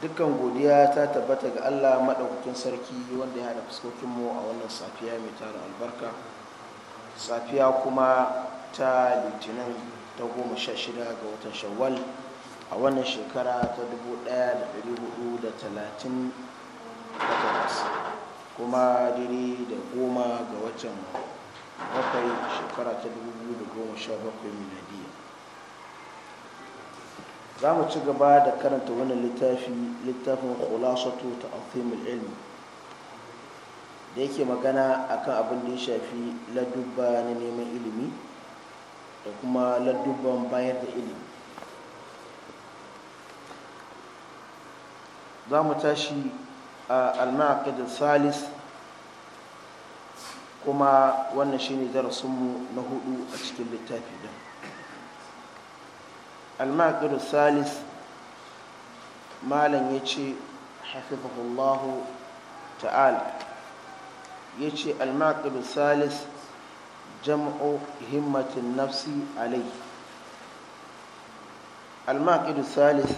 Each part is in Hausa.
dukkan godiya ta tabbata ga allah maɗaukakin sarki wanda ya haɗa fuskokinmu a wannan safiya mai tara albarka safiya kuma ta litinin ta goma sha shida ga watan shawwal a wannan shekara ta dubu ɗaya da ɗari hudu da talatin da takwas kuma daidai da goma ga watan bakwai shekara ta dubu biyu da goma sha bakwai miladiya za mu ci gaba da karanta wannan littafi littafin khulasatu ta azimul ilmi da yake magana akan abin da ya shafi ladubba na neman ilimi da kuma ladubban bayar da ilimi za mu tashi a almakid salis kuma wannan shine darasinmu na hudu a cikin littafi din almakiru salis malam ya ce hafifahullahu ta'ala ya ce almakiru salis jam'u himmatin nafsi alai almakiru salis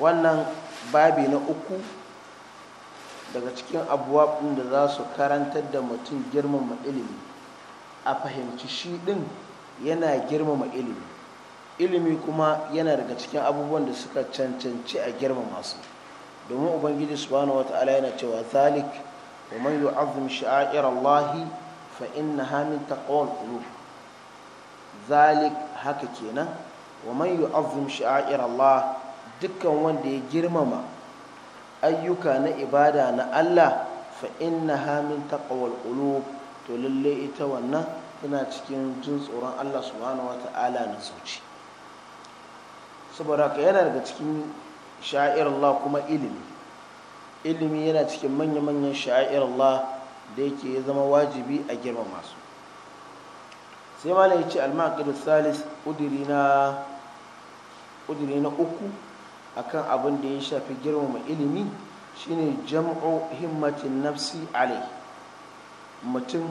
wannan babi na uku daga cikin abubuwan da za su karantar da mutum girmama ilimi a fahimci shi ɗin yana girmama ilimi ilimi kuma yana daga cikin abubuwan da suka cancanci a girmama su domin ubangiji subhanahu wata'ala yana cewa zalik wa man yu'azzim Allah fa innaha min taqwal qulub zalik haka kenan wa man yu'azzim Allah dukkan wanda ya girmama ayyuka na ibada na Allah fa innaha min taqwal qulub to lalle ita wannan tana cikin jin tsoron Allah subhanahu wata'ala na zuci. saboda ka yana daga cikin sha'ir Allah kuma ilimi ilimi yana cikin manya-manyan sha'ir Allah da yake ya zama wajibi a girma masu sai malam ya ce almakar salis ƙudiri na uku a kan abin da ya shafi girmama ilimi shine jam'u himmatin nafsi alai mutum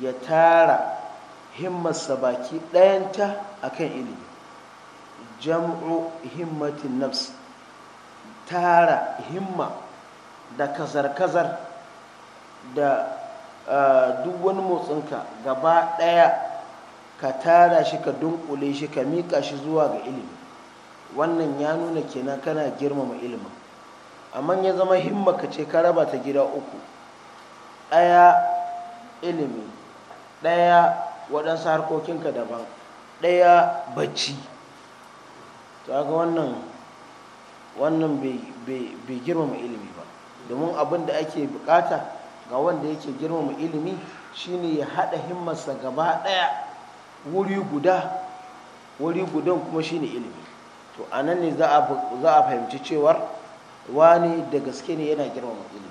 ya tara himmarsa baki ɗayanta kan ilimi jam'u himmatin nafs tara himma da kazar-kazar da eh, duk wani motsinka gaba ɗaya ka tara shi ka dunkule shi ka miƙa shi zuwa ga ilimi wannan ya nuna kenan kana girmama ilimin amma ya zama himma ka ce ka raba ta gida uku ɗaya ilimi ɗaya waɗansu harkokinka daban ɗaya bacci kaga wannan wannan bai girmama ilimi ba domin abin da ake bukata ga wanda yake girmama ilimi shine ya haɗa himmarsa gaba ɗaya wuri guda wuri gudan kuma shine ilimi to a ne za a fahimci cewar wani da gaske ne yana girmama ilimi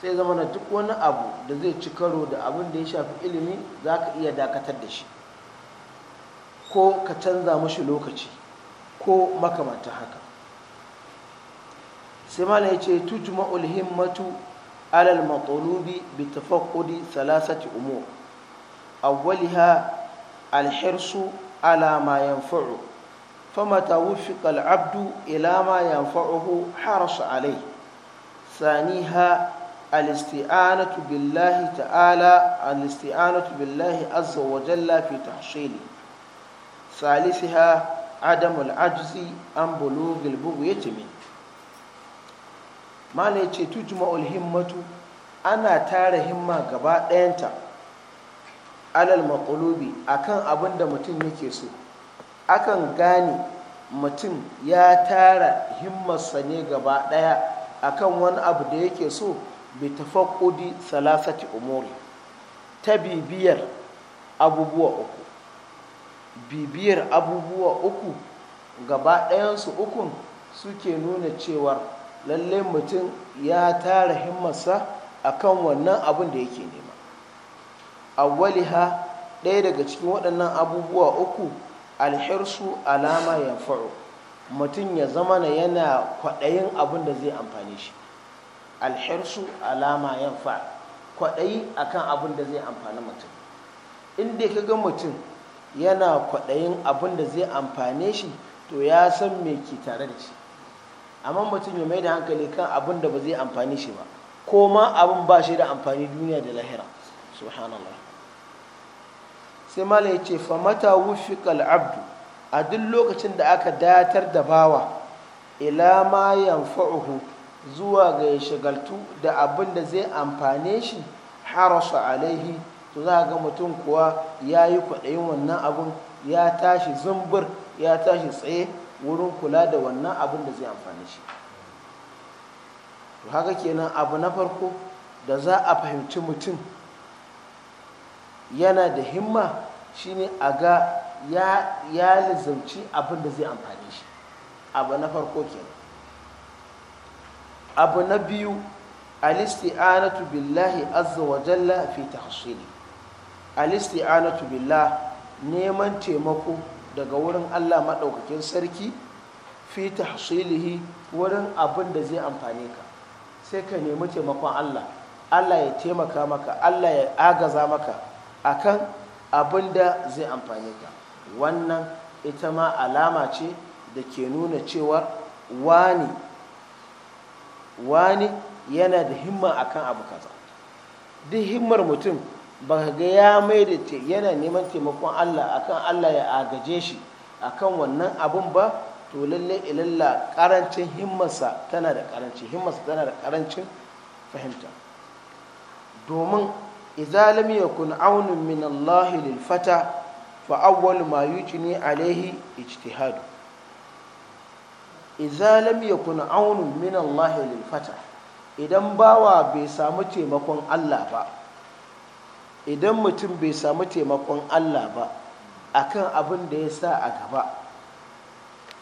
sai zama na duk wani abu da zai ci karo da abin da ya shafi ilimi za ka iya dakatar da shi ko ka canza mashi lokaci ko makamanta haka sai mala ya ce tujuma ulhimmatu alal matulubi bi tafaqqudi salasati umur awwaliha alhirsu ala ma yanfa'u famata wufiqa alabdu ila ma yanfa'uhu harasa alayhi thaniha alisti'anatu billahi ta'ala alisti'anatu billahi azza wa jalla fi tahsili Salisiha. adamul ajzi an bulugil bugu ya ce mala ya ce tujma'ul himmatu ana tara himma gaba ɗayanta alal a akan abin da mutum yake so akan gane mutum ya tara himmarsa ne gaba ɗaya akan wani abu da yake so bi tafaqqudi salasati umuri ta bibiyar abubuwa uku bibiyar abubuwa uku gaba ɗayansu ukun suke nuna cewar lallai mutum ya tara himmarsa kan wannan abin da yake nema awwaliha ɗaya daga cikin waɗannan abubuwa uku alhirsu alama ya faru mutum ya zama na yana kwaɗayin abin da zai amfani shi alhirsu alama ya faru kwaɗayi a kan abin da zai amfani mutum inda ya ga mutum yana kwaɗayin abin da zai amfane shi to ya san me ke tare da shi amma mutum ya mai da hankali kan abin da ba zai amfane shi ba ko ma abin ba shi da amfani duniya da lahira subhanallah sai mala ya ce famata wufiƙal abdu a duk lokacin da aka datar da bawa ila ma yanfa'uhu zuwa ga ya shagaltu da abin da zai amfane shi harasa alaihi to za ga mutum kuwa ya yi kwaɗayin wannan abun ya tashi zumbur ya tashi tsaye wurin kula da wannan abun da zai amfani shi to haka kenan abu na farko da za a fahimci mutum yana da himma shine a ga ya, ya abin da zai amfani shi abu na farko kenan abu na biyu alisti'anatu billahi azza wa jalla fi tahsili alisti'anatu billah neman taimako daga wurin Allah maɗaukakin sarki fi tahsilihi wurin abin da zai amfane ka sai ka nemi taimakon Allah Allah ya taimaka maka Allah ya agaza maka akan abin da zai amfane ka wannan ita ma alama ce da ke nuna cewa wani wani yana da himma akan abu kaza duk himmar mutum ba ka ga ya mai da yana neman taimakon Allah akan Allah ya agaje shi akan wannan abun ba to lalle ilalla karancin himmarsa tana da karanci himmarsa tana da karancin fahimta domin idza lam yakun aunun min Allah lil fata fa awwal ma yujni alaihi ijtihadu idza lam yakun aunun min Allah lil fata idan bawa bai samu taimakon Allah ba idan mutum bai samu taimakon Allah ba akan abin da ya sa a gaba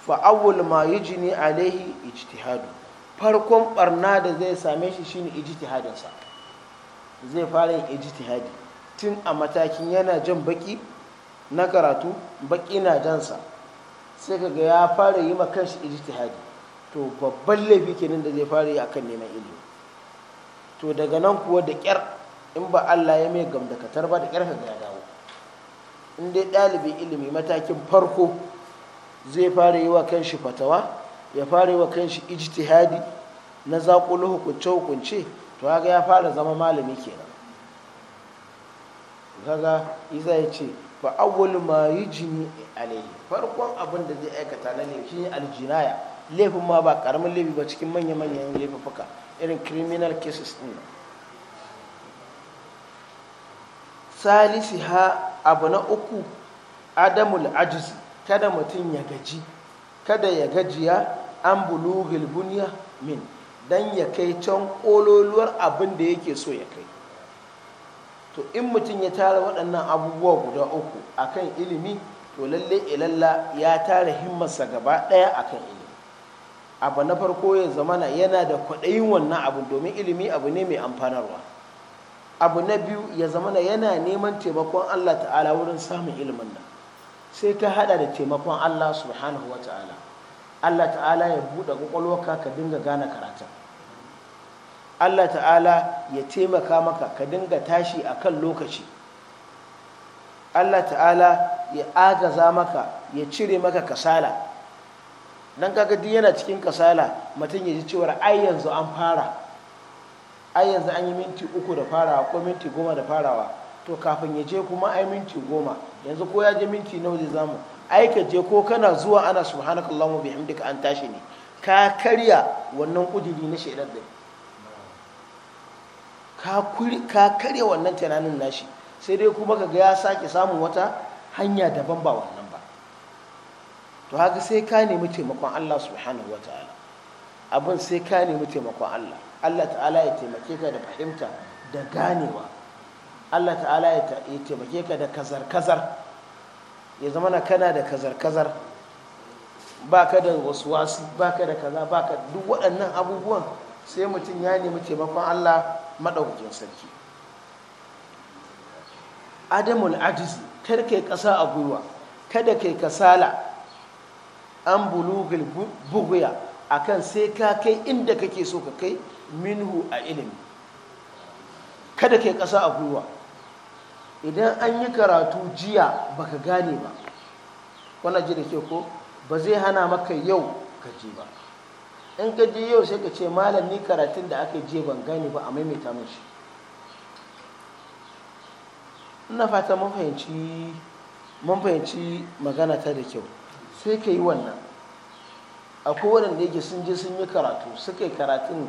fa'awul ma yi jini alaihi ijtihadu farkon barna da zai same shi shine ijtihadinsa zai fara yin ijtihadi tun a matakin yana jan baki na karatu baki na jansa sai kaga ya fara yi makan shi ijtihadi to babban laifi kenan da zai fara yi akan neman ilimi to daga nan kuwa da kyar in ba Allah ya mai gamdakatar ba da ƙarfin ya dawo in dai ɗalibi ilimi matakin farko zai fara yi wa kanshi fatawa ya fara yi wa kanshi ijtihadi na zaƙulu hukunce hukunce to haka ya fara zama malami kenan kaga iza ya ce ba awwal ma yujni alayhi farkon abin da zai aikata na ne shine aljinaya laifin ma ba karamin laifi ba cikin manya manyan laifuka irin criminal cases din salisi ha abu na uku adamul ajiz kada mutum ya gaji kada ya gajiya an bulughil bunya min dan ya kai can kololuwar abin da yake so ya kai to in mutum ya tara waɗannan abubuwa guda uku akan ilimi to lalle ilalla ya tara himmarsa gaba ɗaya akan ilimi abu na farko ya zamana yana da kwaɗayin wannan abu domin ilimi abu ne mai amfanarwa abu na biyu ya zama na yana neman taimakon Allah ta'ala wurin samun ilimin nan sai ta hada da taimakon Allah subhanahu wa ta'ala Allah ta'ala ya buɗe ƙwaƙwalwarka ka dinga gane karatun Allah ta'ala ya taimaka maka ka dinga tashi a kan lokaci Allah ta'ala ya agaza maka ya cire maka kasala don kaga duk yana cikin kasala mutum ya ji cewar ai yanzu an fara ai yanzu an yi minti uku da farawa ko minti goma da farawa to kafin ya je kuma ai minti goma yanzu ko ya je minti nawa zai zamu ai ka je ko kana zuwa ana wa bihamdika an tashi ne ka karya wannan kujiri na shaidar da ka karya wannan tunanin nashi sai dai kuma kaga ya sake samun wata hanya daban ba wannan ba to haka sai ka nemi taimakon Allah subhanahu wataala abin sai ka nemi taimakon Allah Allah ta'ala ya taimake ka da fahimta da ganewa Allah ta'ala ya taimake ka da kazar-kazar ya zama na kana da kazar-kazar ba ka da wasu wasu ba ka da kaza ba ka duk waɗannan abubuwan sai mutum ya nemi taimakon Allah maɗaukakin sarki adamul ajizi kar kai ƙasa a gwiwa kada kai kasala an bulugul buguya akan sai ka kai inda kake so ka kai minhu a ilimi kada yi kasa a gwiwa idan an yi karatu jiya baka gane ba wannan ji da ke ko ba zai hana maka yau ka je ba in ka je yau sai ka ce malam ni karatun da aka je ban gane ba a maimaita min ina fata mun fahimci magana ta da kyau sai ka yi wannan A akwai waɗanda yake sun je sun yi karatu suka yi karatun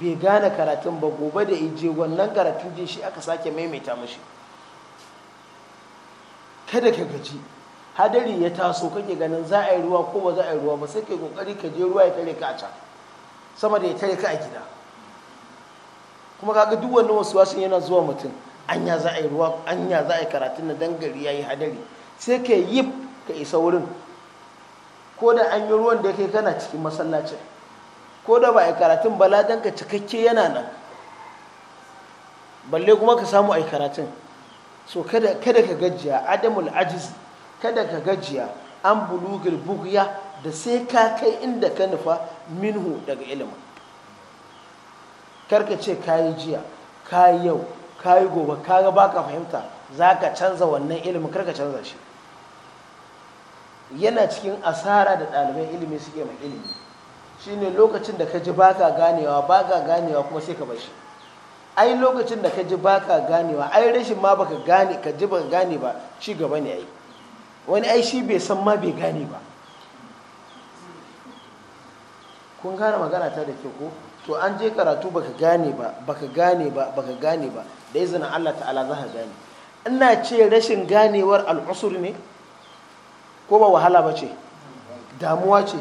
bai gane karatun ba gobe da ije wannan karatun je shi aka sake maimaita mashi kada ka gaji hadari ya taso kake ganin za a yi ruwa ko ba za a yi ruwa ba sai kai kokari ka je ruwa ya tare ka a can sama da ya tare ka a gida kuma kaga duk wannan wasu wasu yana zuwa mutum anya za a yi ruwa anya za a yi karatun na dangari ya yi hadari sai ka yi ka isa wurin ko da an yi ruwan da ya kai kana cikin masallacin ko da ba a karatun ba ka cikakke yana nan balle kuma ka samu a karatun so kada ka gajiya adamul ajiz kada ka gajiya an bulugil bugiya da sai ka kai inda ka nufa minhu daga ilimin karka ce ka yi jiya ka yi yau ka yi gobe ka kaga baka fahimta za ka canza wannan ilimin karka canza shi yana cikin asara da ɗalibai ilimi suke mai ilimi shi ne lokacin da ka ji baka ganewa baka ganewa kuma sai ka bar shi ai lokacin da ka ji baka ganewa ai rashin ma baka gane ka ji baka gane ba ci gaba ne ai wani ai shi bai san ma bai gane ba kun gane magana ta da ke ko to an je karatu baka gane ba baka gane ba baka gane ba da izinin Allah ta'ala za ka gane ina ce rashin ganewar al'usur ne ko ba wahala ba ce damuwa ce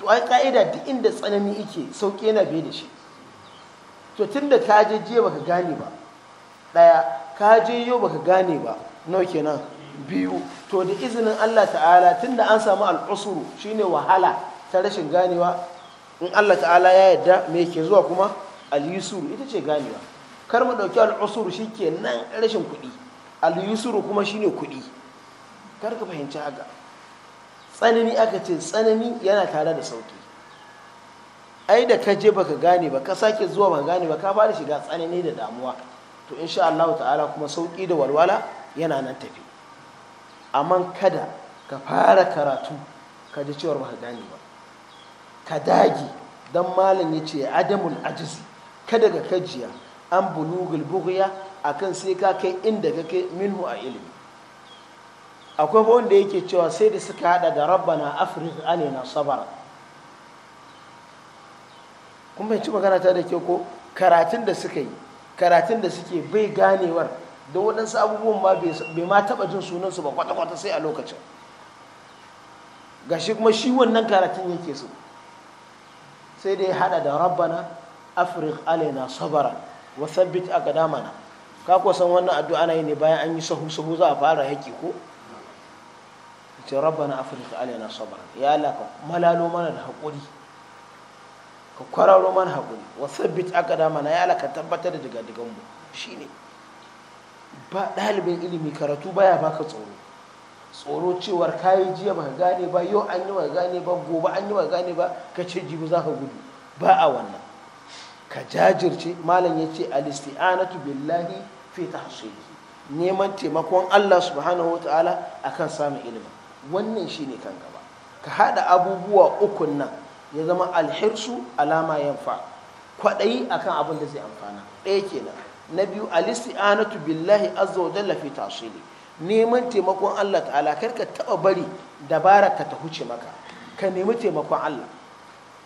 to ai ka'ida duk inda tsanani ike sauke na biye da shi to tun da ka je jiya baka gane ba ɗaya ka je yau baka gane ba nawa kenan biyu to da izinin Allah ta'ala tun da an samu al'usuru shine wahala ta rashin ganewa in Allah ta'ala ya yarda me ke zuwa kuma al'usuru ita ce ganewa kar mu ɗauki al'usuru ke nan rashin kuɗi al'usuru kuma shine kuɗi kar ka fahimci haka tsanani aka ce tsanani yana tare da sauki ai da ka je baka gane ba ka sake zuwa baka gane ba ka fara shiga tsanani da damuwa to insha Allah ta'ala kuma sauki da walwala yana nan tafi amma kada ka fara karatu ka ji cewar baka gane ba ka dage dan malam ya ce adamul ajizi kada ka kajiya an bulugul bughiya akan sai ka kai inda ka kai minhu a ilimi akwai wanda yake cewa sai da suka hada da rabbana afrik alina sabara kun bai ci magana ta da ke ko karatun da suka yi karatun da suke bai ganewar da waɗansu abubuwan ba bai ma taɓa jin sunansu ba kwata-kwata sai a lokacin gashi kuma shi wannan karatun yake so sai dai hada da rabbana afrik alina sabara wa thabbit aqdamana ka ko san wannan addu'a ne bayan an yi sahu sahu za a fara haƙi ko ce na afrika alaina sabran ya laka malalo mana da hakuri ka kwararo mana hakuri wa sabbit na ya laka ka tabbatar da digadigan mu shine ba dalibin ilimi karatu baya baka tsoro tsoro cewar kayi jiya ba gane ba yau an yi ba gane ba gobe an yi ba gane ba ka ce jibi za ka gudu ba a wannan ka jajirce malam ya ce alisti'anatu billahi fi tahsili neman taimakon Allah subhanahu wa ta'ala akan samun ilimin wannan shi ne kan gaba ka haɗa abubuwa ukun nan ya zama alhirsu alama yanfa kwaɗayi akan abin da zai amfana ɗaya kenan na biyu alisti'anatu billahi azza wa jalla fi neman taimakon Allah ta'ala kar ka taɓa bari dabara ka ta huce maka ka nemi taimakon Allah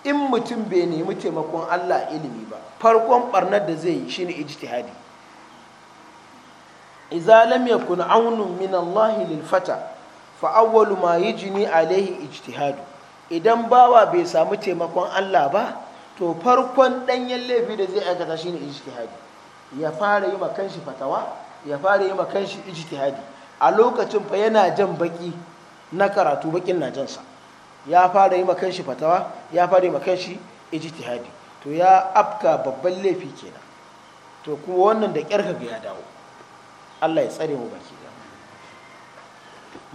in mutum bai nemi taimakon Allah ilimi ba farkon barnar da zai yi shine ijtihadi idza lam yakun aunun min Allah lil fata fa yi jini a alaihi ijtihadu idan bawa bai samu taimakon Allah ba to farkon ɗanyen laifi da zai aikata shine ijtihadi ya fara yi makan shi fatawa ya fara yi makan shi ijtihadi a lokacin fa yana jan baki na karatu bakin na jansa ya fara yi makan shi fatawa ya fara yi makan shi ijtihadi to ya afka babban laifi kenan to kuma wannan da kyarka ga ya dawo Allah ya tsare mu baki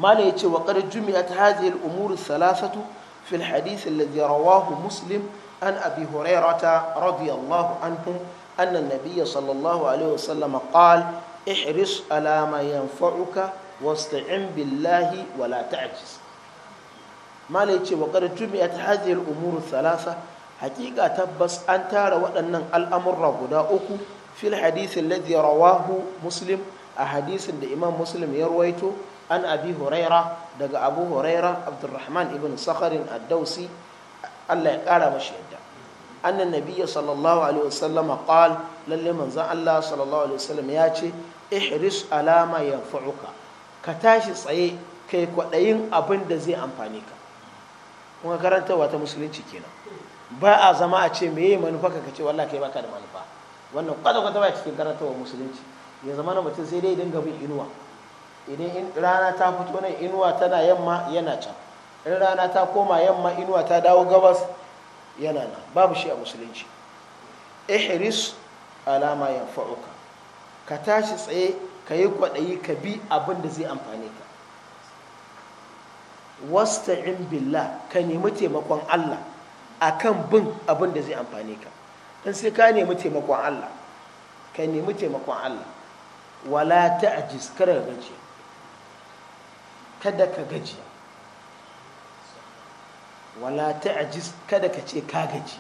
mala yace wa qad jumi'at hadhihi al-umur thalathatu fi alladhi rawahu muslim an abi hurairata radiyallahu anhu anna an sallallahu alaihi wasallam qala ihris ala ma yanfa'uka wasta'in billahi wa la ta'jiz mala yace wa qad jumi'at hadhihi al-umur thalatha hakika tabbas an tara waɗannan al'amurra guda uku fil hadisi ladhi rawahu muslim a hadisin da imam muslim ya ruwaito an abi huraira daga abu huraira abdurrahman ibn sakharin ad Allah ya kara mashi yadda annan nabiyya sallallahu alaihi wasallam qal lalle manzon Allah sallallahu alaihi wasallam ya ce ihris alama yanfa'uka ka tashi tsaye kai kwadayin abin da zai amfane ka kuma karantarwa ta musulunci kenan ba a zama a ce me manufa ka ce wallahi kai baka da manufa wannan kwata kwata ba cikin karantarwa musulunci ya zama na mutum sai dai dinga bin inuwa idan rana ta fito nan inuwa tana yamma yana can in rana ta koma yamma inuwa ta dawo gabas yana nan babu shi a musulunci ihris alama ya fa'uka ka tashi tsaye ka yi kwaɗayi ka bi abin da zai amfane ka in billah ka nemi taimakon Allah a kan bin abin da zai amfane ka in sai ka nemi taimakon Allah ka nemi taimakon Allah wala ta'jiz kar gajiya kada ka gaji wala ta'jiz kada ka ce ka gaji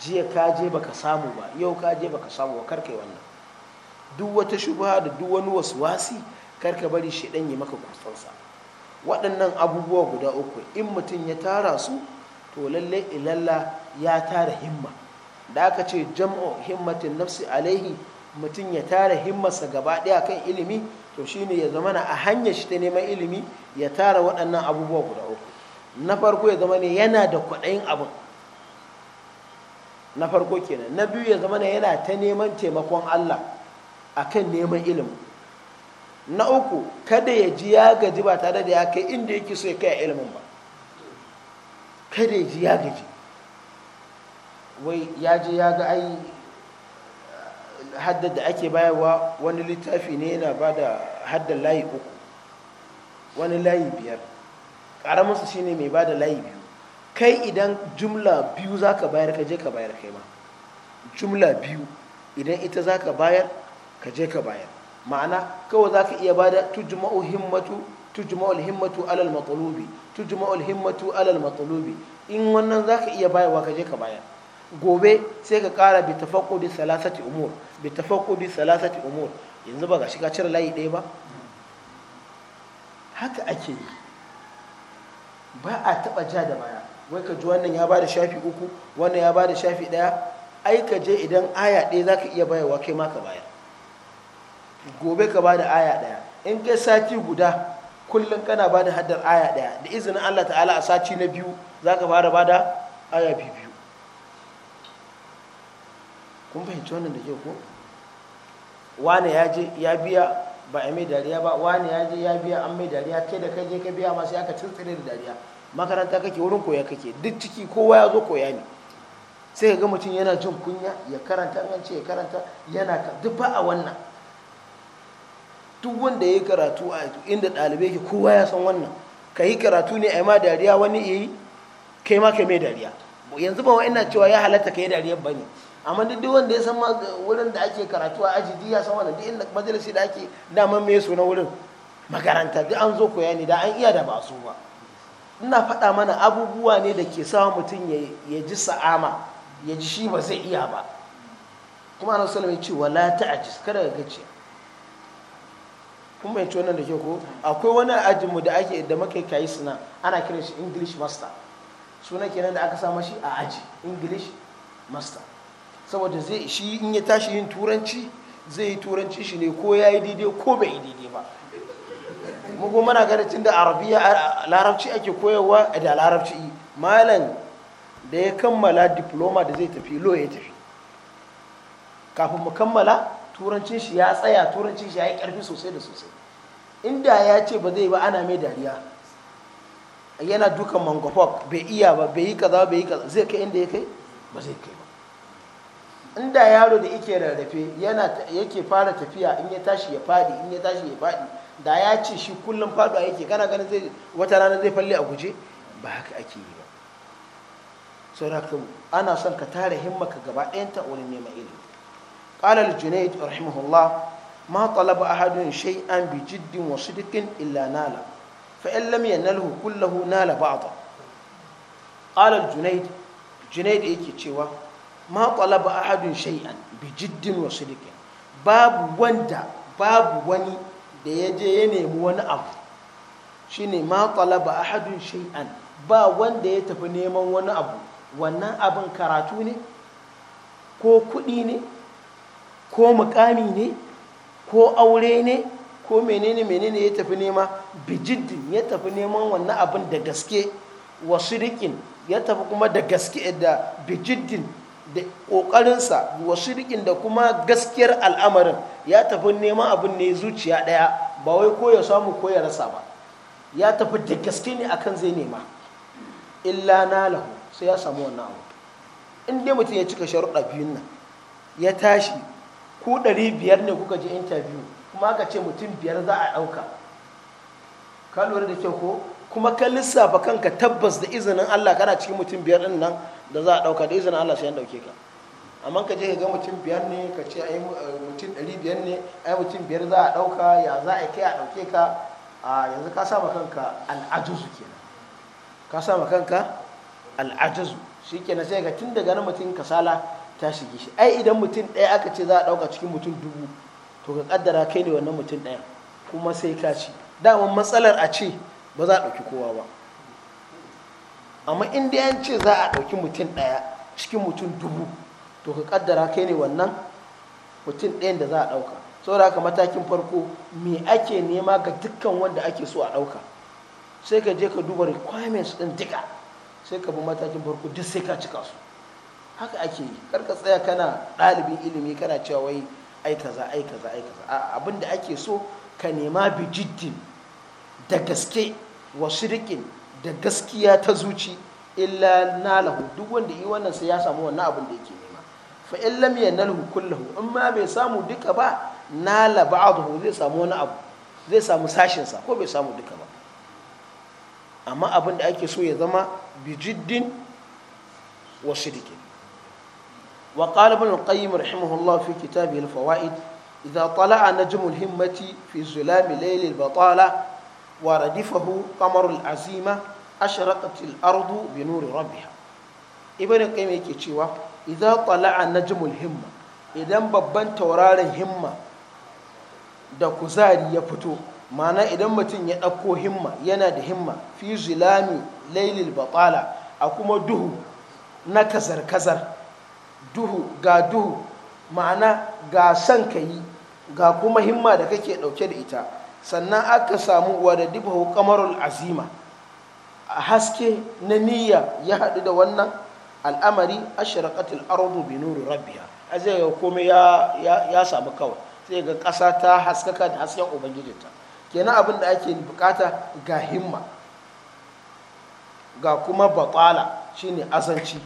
jiya ka je baka samu ba yau ka je baka samu ba karkai wannan duk wata shubha da duk wani waswasi karka bari shi dan yi maka kusansa waɗannan abubuwa guda uku in mutum ya tara su to lalle ilalla ya tara himma da aka ce jam'u himmatin nafsi alaihi mutum ya tara himmarsa gaba ɗaya kan ilimi to shine ya zama a hanyar shi ta neman ilimi ya tara waɗannan abubuwa guda uku na farko ya zama ne yana da kwaɗayin abin na farko kenan na biyu ya zama ne yana ta neman taimakon Allah akan neman ilimi na uku kada ya ji ya gaji ba tare da ya kai inda yake so ya kai ilimin ba kada ya ji ya gaji wai ya ji ya ga ai haddada da ake bayarwa wani littafi ne yana ba da haddar layi uku wani layi biyar ƙaraminsu shi ne mai ba da layi biyu kai idan jumla biyu za ka bayar ka je ka bayar kai ma jumla biyu idan ita za ka bayar ka je ka bayar ma'ana kawai za ka iya ba da tujma'u himmatu tujma'ul himmatu alal matsalubi himmatu alal matsalubi in wannan za ka iya bayarwa ka je ka bayar gobe sai ka kara bi da salasati umur bi tafaqqudi thalathati umur yanzu ba ga shiga cire layi ɗaya ba haka ake yi ba a taɓa ja da baya wai ka ji wannan ya ba da shafi uku wannan ya ba da shafi ɗaya ai ka je idan aya ɗaya za ka iya bayarwa kai ma ka bayar gobe ka ba da aya ɗaya in kai sati guda kullum kana ba da haddar aya ɗaya da izinin allah ta'ala a sati na biyu za ka fara ba aya biyu kun fahimci wannan da ke ko wani ya je ya biya ba a mai dariya ba wani ya je ya biya an mai dariya kai da kai je ka biya ma sai aka da dariya makaranta kake wurin koya kake duk ciki kowa ya zo koya ne sai ka ga mutum yana jin kunya ya karanta an ce ya karanta yana duk ba a wannan duk wanda ya yi karatu a inda ɗalibai ke kowa ya san wannan ka yi karatu ne a yi ma dariya wani yi kai ma ka mai dariya yanzu ba wa ina cewa ya halatta ka yi dariya ba ne amma duk wanda ya san wurin da ake karatu a aji ya san da duk inda majalisi da ake dama mai suna wurin makaranta duk an zo koya ne da an iya da ba su ba ina faɗa mana abubuwa ne da ke sa mutum ya ji sa'ama ya ji shi ba zai iya ba kuma ana sallama ce wala ta'ajis kada ga gace kuma mai wannan da ke ko akwai wani ajinmu da ake da muka kayi suna ana kiran shi english master suna kenan da aka sa mashi a aji english master saboda zai shi in ya tashi yin turanci zai yi turanci shi ne ko ya yi daidai ko bai yi daidai ba mugu mana ganin da arabiya larabci ake koyarwa da larabci malam da ya kammala diploma da zai tafi lo ya tafi kafin mu kammala turancin shi ya tsaya turancin shi ya yi karfi sosai da sosai inda ya ce ba zai ba ana mai dariya yana dukan mangofok bai iya ba bai yi kaza bai yi kaza zai kai inda ya kai ba zai kai inda yaro da yake rarrafe yana yake fara tafiya in ya tashi ya fadi in ya tashi ya fadi da ya ce shi kullum a yake kana ganin zai wata rana zai falle a guje ba haka ake yi ba sauraka ana son ka tare himmaka gaba ɗayan ta wani neman ilimi ƙalar junaid rahimahullah ma talaba shai an bi jiddin wasu dukkan illa nala fa in lam kullahu nala ba'da qala junaid junaid junaid yake cewa ma talaba ahadun shay'an bi jiddin wa sidqin babu wanda babu wani da ya je ya nemi wani abu shine ma talaba ahadun shay'an ba wanda ya tafi neman wani abu wannan abin karatu ne ko kuɗi ne ko mukami ne ko aure ne ko menene menene ya tafi nema bijiddin ya tafi neman wannan abin da gaske wasu rikin ya tafi kuma da gaske da bijiddin da ƙoƙarinsa wa shirkin da kuma gaskiyar al'amarin ya tafi neman abin ne zuciya ɗaya ba wai ko ya samu ko ya rasa ba ya tafi da gaske ne akan zai nema illa na lahu sai ya samu wannan abu in dai mutum ya cika sharuɗa biyun nan ya tashi ku ɗari biyar ne kuka je interview kuma aka ce mutum biyar za a ɗauka ka lura da kyau ko kuma ka lissafa kanka tabbas da izinin allah kana cikin mutum biyar ɗin nan da za a ɗauka da izinin Allah sai an ɗauke ka amma ka je ka ga mutum biyar ne ka ce ai eh, mutum ɗari biyar ne ai mutum biyar za a ɗauka ya za a kai a ɗauke ka a yanzu ka sa kanka al'ajuzu kenan ka sa kanka al'ajuzu shi kenan sai ka tun daga nan mutum kasala ta shige shi ai idan mutum ɗaya aka ce za a ɗauka cikin mutum dubu to ka kaddara kai ne wannan mutum ɗaya kuma sai ka ci daman matsalar a ce ba za a ɗauki kowa ba amma inda dai za a ɗauki mutum ɗaya cikin mutum dubu to ka kaddara kai ne wannan mutum ɗayan da za a ɗauka saboda haka matakin farko me ake nema ga dukkan wanda ake so a ɗauka sai ka je ka duba requirements ɗin duka sai ka bi matakin farko duk sai ka cika su haka ake yi kar ka tsaya kana ɗalibin ilimi kana cewa wai ai kaza ai kaza ai kaza abin da ake so ka nema bijidin da gaske wa shirikin da gaskiya ta zuci illa nalahu duk wanda yi wannan sai ya samu wannan abin da yake nema fa in lam yanalhu kullahu in ma bai samu duka ba nala ba'dahu zai samu wani abu zai samu sashin sa ko bai samu duka ba amma abin da ake so ya zama bi wa sidqin wa qala ibn al-qayyim rahimahullah fi kitabihi al-fawaid إذا طلع نجم الهمة في ظلام wa radifahu وردفه قمر العزيمة ashraqatil ardu bi nuri rabbiha ibn qayyim yake cewa idza tala'a najmul himma idan babban taurarin himma da kuzari ya fito ma'ana idan mutum ya ɗauko himma yana da himma fi zilami lailil batala a kuma duhu na kazar-kazar duhu ga duhu ma'ana ga san ka yi ga kuma himma da kake ɗauke da ita sannan aka samu wa da dibahu kamarul azima A haske na niyya ya haɗu da wannan al'amari ashraqatil ardu bi rabbiya. a zai ga kome ya samu kawai sai ga ƙasa ta haskaka da hasken ubangijinta kenan abin da ake bukata ga himma ga kuma batsala shine azanci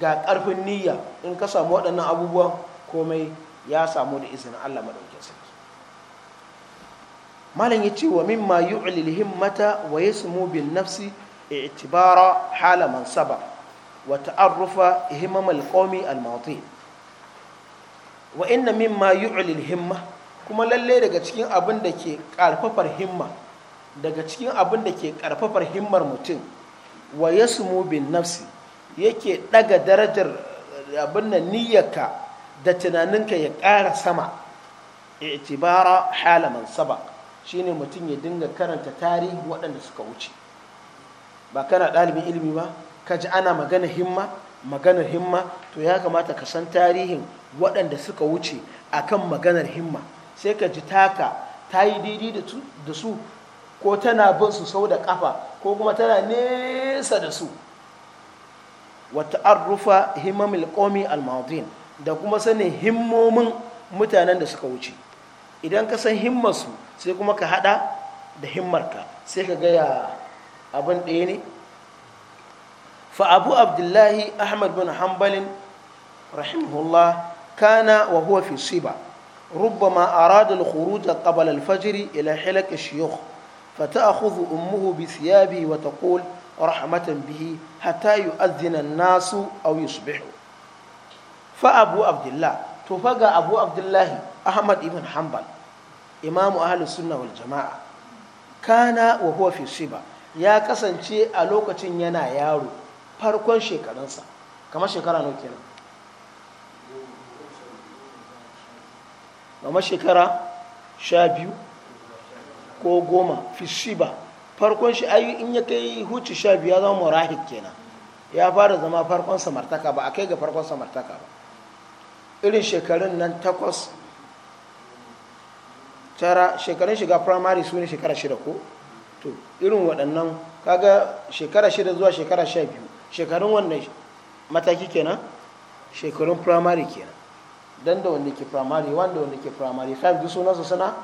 ga ƙarfin niyya in ka samu waɗannan abubuwan komai ya samu da izinin Allah maɗaukin sarki malam ya ce wa mimma yu'lil himmata wa yasmu bil nafsi i'tibara hala mansaba wa ta'arrufa himam al al-mawtin wa inna ma yu'li himma kuma lallai daga cikin abin da ke karfafar himma daga cikin abin da ke karfafar himmar mutum wa yasmu bin nafsi yake daga darajar abin da niyyarka da tunaninka ya ƙara sama i'tibara hala man sabaq shine mutum ya dinga karanta tarihi waɗanda suka wuce ba kana ɗalibin ilimi ba ka ji ana magana himma maganar himma to ya kamata ka san tarihin waɗanda suka wuce akan maganar himma sai ka ji taka ta yi daidai da su ko tana bin su sau da kafa ko kuma tana nesa da su wata arrufa himmamil qomi almadin da kuma sanin himmomin mutanen da suka wuce idan ka san himmarsu sai kuma ka hada da himmarka sai ka gaya abin ɗaya ne fa abu abdullahi ahmad bin hanbalin rahimahullah kana wa huwa fi siba ربما أراد الخروج قبل الفجر إلى حلق الشيوخ فتأخذ أمه بثيابه وتقول رحمة به حتى يؤذن الناس أو يصبحوا فأبو عبد الله تفقى أبو عبد الله أحمد بن حنبل إمام أهل السنة والجماعة كان وهو في صبا ya kasance a lokacin yana yaro farkon shekarunsa kamar shekara nau kenan kamar shekara sha biyu ko goma fishiba farkon shi ayi in ya kai huci sha biyu ya zama murahik kenan ya fara zama farkon samartaka ba a kai ga farkon samartaka ba irin shekarun nan takwas shekarun shiga primary su ne shekara shida ko to irin waɗannan kaga shekara shida zuwa shekara sha biyu shekarun wannan mataki kenan shekarun firamare kenan dan da wanda ke firamare wanda wanda ke firamare five duk sunansu suna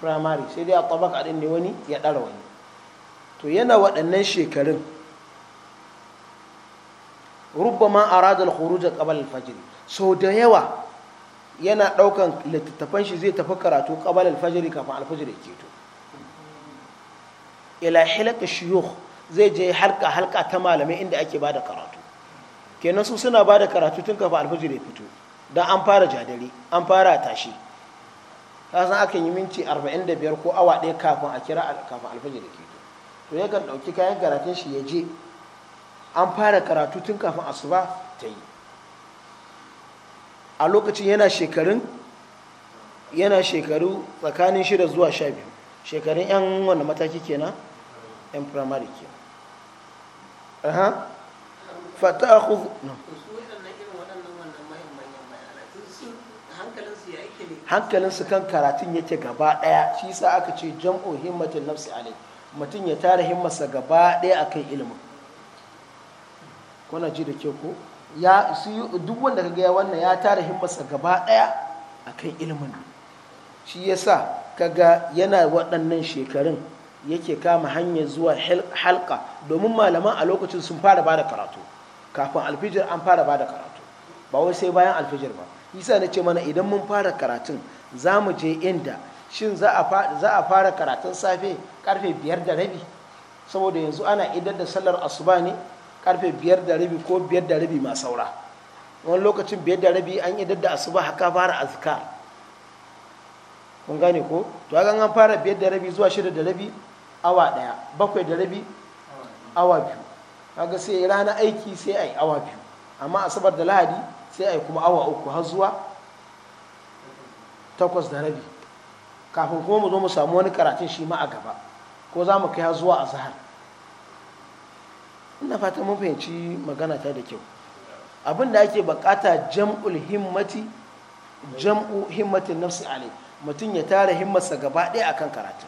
firamare sai dai a tabaka din ne wani ya ɗara wani to yana waɗannan shekarun rubbama aradal horo qabla al-fajr so da yawa yana ɗaukan littattafan shi zai tafi karatu ƙabar al-fajr kafin al-fajr ya keto ila hilaka shuyukh zai je halka halka ta malamai inda ake bada karatu kenan su suna bada karatu tun kafa alfajir ya fito dan an fara jadari an fara tashi san akan yi minti 45 ko awa ɗaya kafin a kira kafin alfajir ya fito to yakan ɗauki kayan karatun shi ya je an fara karatu tun kafin asuba ta yi a lokacin yana shekarun yana shekaru tsakanin shida zuwa sha biyu shekarun 'yan wanda mataki kenan 'yan firamare ke aha fata ku hankalinsu kan karatun yake gaba daya shi sa aka ce jam'o himmatin nafsi alai mutum ya tara himmarsa gaba daya a kan ilimin kuna ji da ke ko ya su duk wanda ka gaya wannan ya tara himmarsa gaba daya a kan ilimin shi ya sa kaga yana waɗannan shekarun yake kama hanyar zuwa halka domin malaman a lokacin sun fara ba da karatu kafin alfijir an fara ba da karatu ba wai sai bayan alfijir ba isa na ce mana idan mun fara karatun za mu je inda shin za a fara karatun safe karfe biyar da rabi saboda yanzu ana idar da sallar asuba ne karfe biyar da rabi ko biyar da rabi masaura saura wani lokacin biyar da rabi an idar da asuba haka fara azkar kun gane ko to ga an fara biyar da rabi zuwa shida da rabi awa daya bakwai da rabi awa biyu kaga sai rana aiki sai ai awa biyu amma asabar da lahadi sai ai kuma awa uku har zuwa takwas da rabi kafin kuma mu zo mu samu wani karatun shi ma a gaba ko za mu kai har zuwa azhar ina fata mun fahimci magana ta da kyau abin da ake bukata jam'ul himmati jam'u himmatin nafsi alai mutum ya tara himmarsa gaba ɗaya akan karatu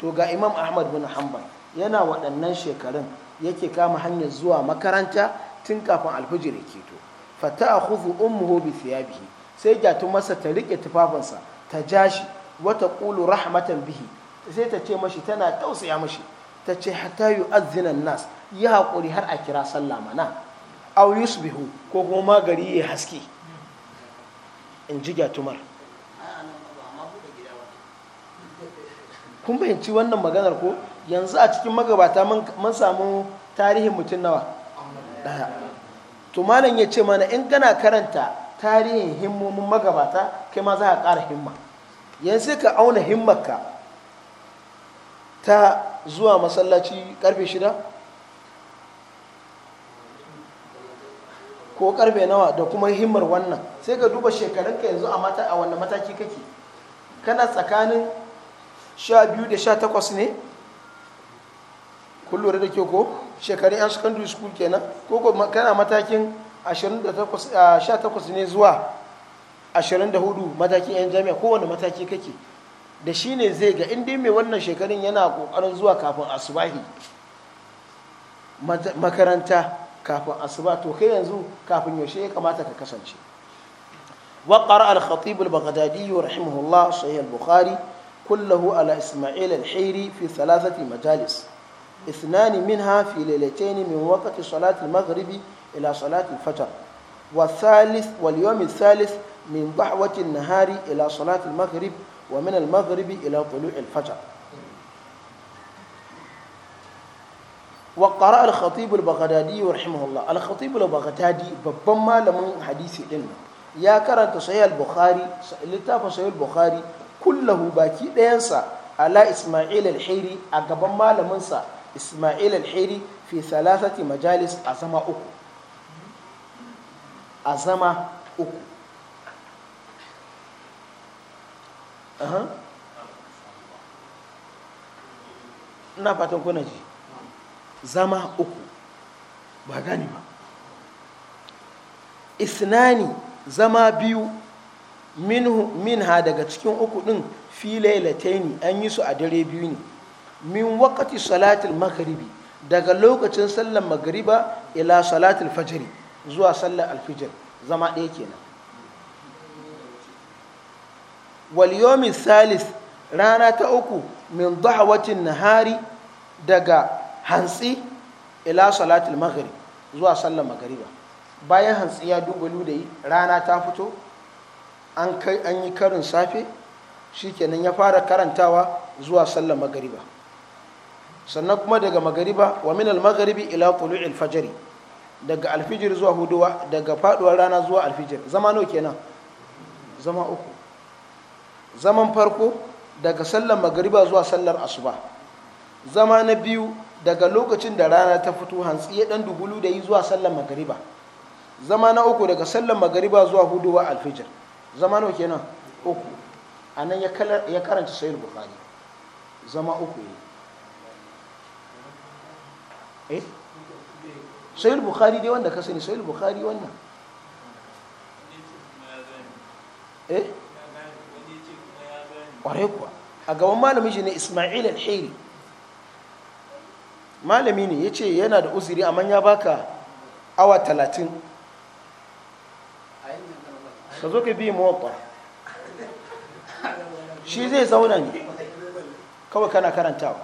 to ga imam ahmad bin hanbal yana waɗannan shekarun yake kama hanyar zuwa makaranta tun kafin alfijir ya keto fata a hufu ummuhu bi thiyabihi sai gyatu masa ta riƙe tufafinsa ta ja shi wata ƙulu rahmatan bihi sai ta ce mashi tana tausaya mashi ta ce hatta yu'azzinan nas ya haƙuri har a kira sallah mana aw yusbihu ko kuma gari ya haske in ji gyatumar kun bayanci wannan maganar ko yanzu a cikin magabata mun samu tarihin mutum nawa daya to malam ya ce mana in kana karanta tarihin himmomin magabata kai ma za ka ƙara himma yanzu sai ka auna himmarka ta zuwa masallaci karfe shida ko karfe nawa da kuma himmar wannan sai ka duba shekarunka yanzu a wanda mataki kake kana tsakanin sha biyu da sha takwas ne kullum da ke ko shekarun yan secondary school kenan ko ko kana matakin 18 ne zuwa 24 matakin yan jami'a kowane mataki kake da shi ne zai ga inda mai wannan shekarun yana kokarin zuwa kafin asubahi makaranta kafin asuba to kai yanzu kafin yaushe ya kamata ka kasance وقرأ الخطيب baghdadi rahimahullah sahih al-bukhari كله على إسماعيل الحيري في ثلاثة مجالس اثنان منها في ليلتين من وقت صلاة المغرب إلى صلاة الفجر والثالث واليوم الثالث من ضحوة النهار إلى صلاة المغرب ومن المغرب إلى طلوع الفجر وقرأ الخطيب البغدادي رحمه الله الخطيب البغدادي ببما لمن حديث علم يا كرنت صحيح البخاري لتافة صحيح البخاري kullahu baki ɗayansa ala ismail alheri a gaban malaminsa ismail alheri fi salasati majalis a zama uku a zama uku ina fatan kuna ji zama uku ba gani ba isnani zama biyu min ha daga cikin uku ɗin fi lailataini an yi su a dare biyu ne min wakati salatul magharibi daga lokacin sallar magariba ila salatul fajri zuwa sallar alfijir zama ɗaya kenan waliyomin salis rana ta uku min dahawacin nahari daga hantsi ila salatul maghrib zuwa sallar magariba bayan hantsi ya dubalu da rana ta fito an kai an yi karin safe shikenan ya fara karantawa zuwa sallar magariba sannan kuma daga magariba wa min al-maghribi ila tulu'il fajri daga alfijir zuwa huduwa daga faduwar rana zuwa alfijir zama nawa kenan zama uku zaman farko daga sallar magariba zuwa sallar asuba zama na biyu daga lokacin da rana ta fito hantsi ya dan dubulu da yi zuwa sallar magariba zama na uku daga sallar magariba zuwa huduwa alfijir zama nawa kenan uku a nan ya karanta sayar bukhari zama uku ne sayar eh? sayil bukhari dai wanda ka sani sayar bukhari wannan eh kuwa a gaban malamin shi ne ismail alheri malami ne ya ce yana da uziri amma ya baka awa talatin ka zo ka bi mota shi zai zauna ne kawai kana karantawa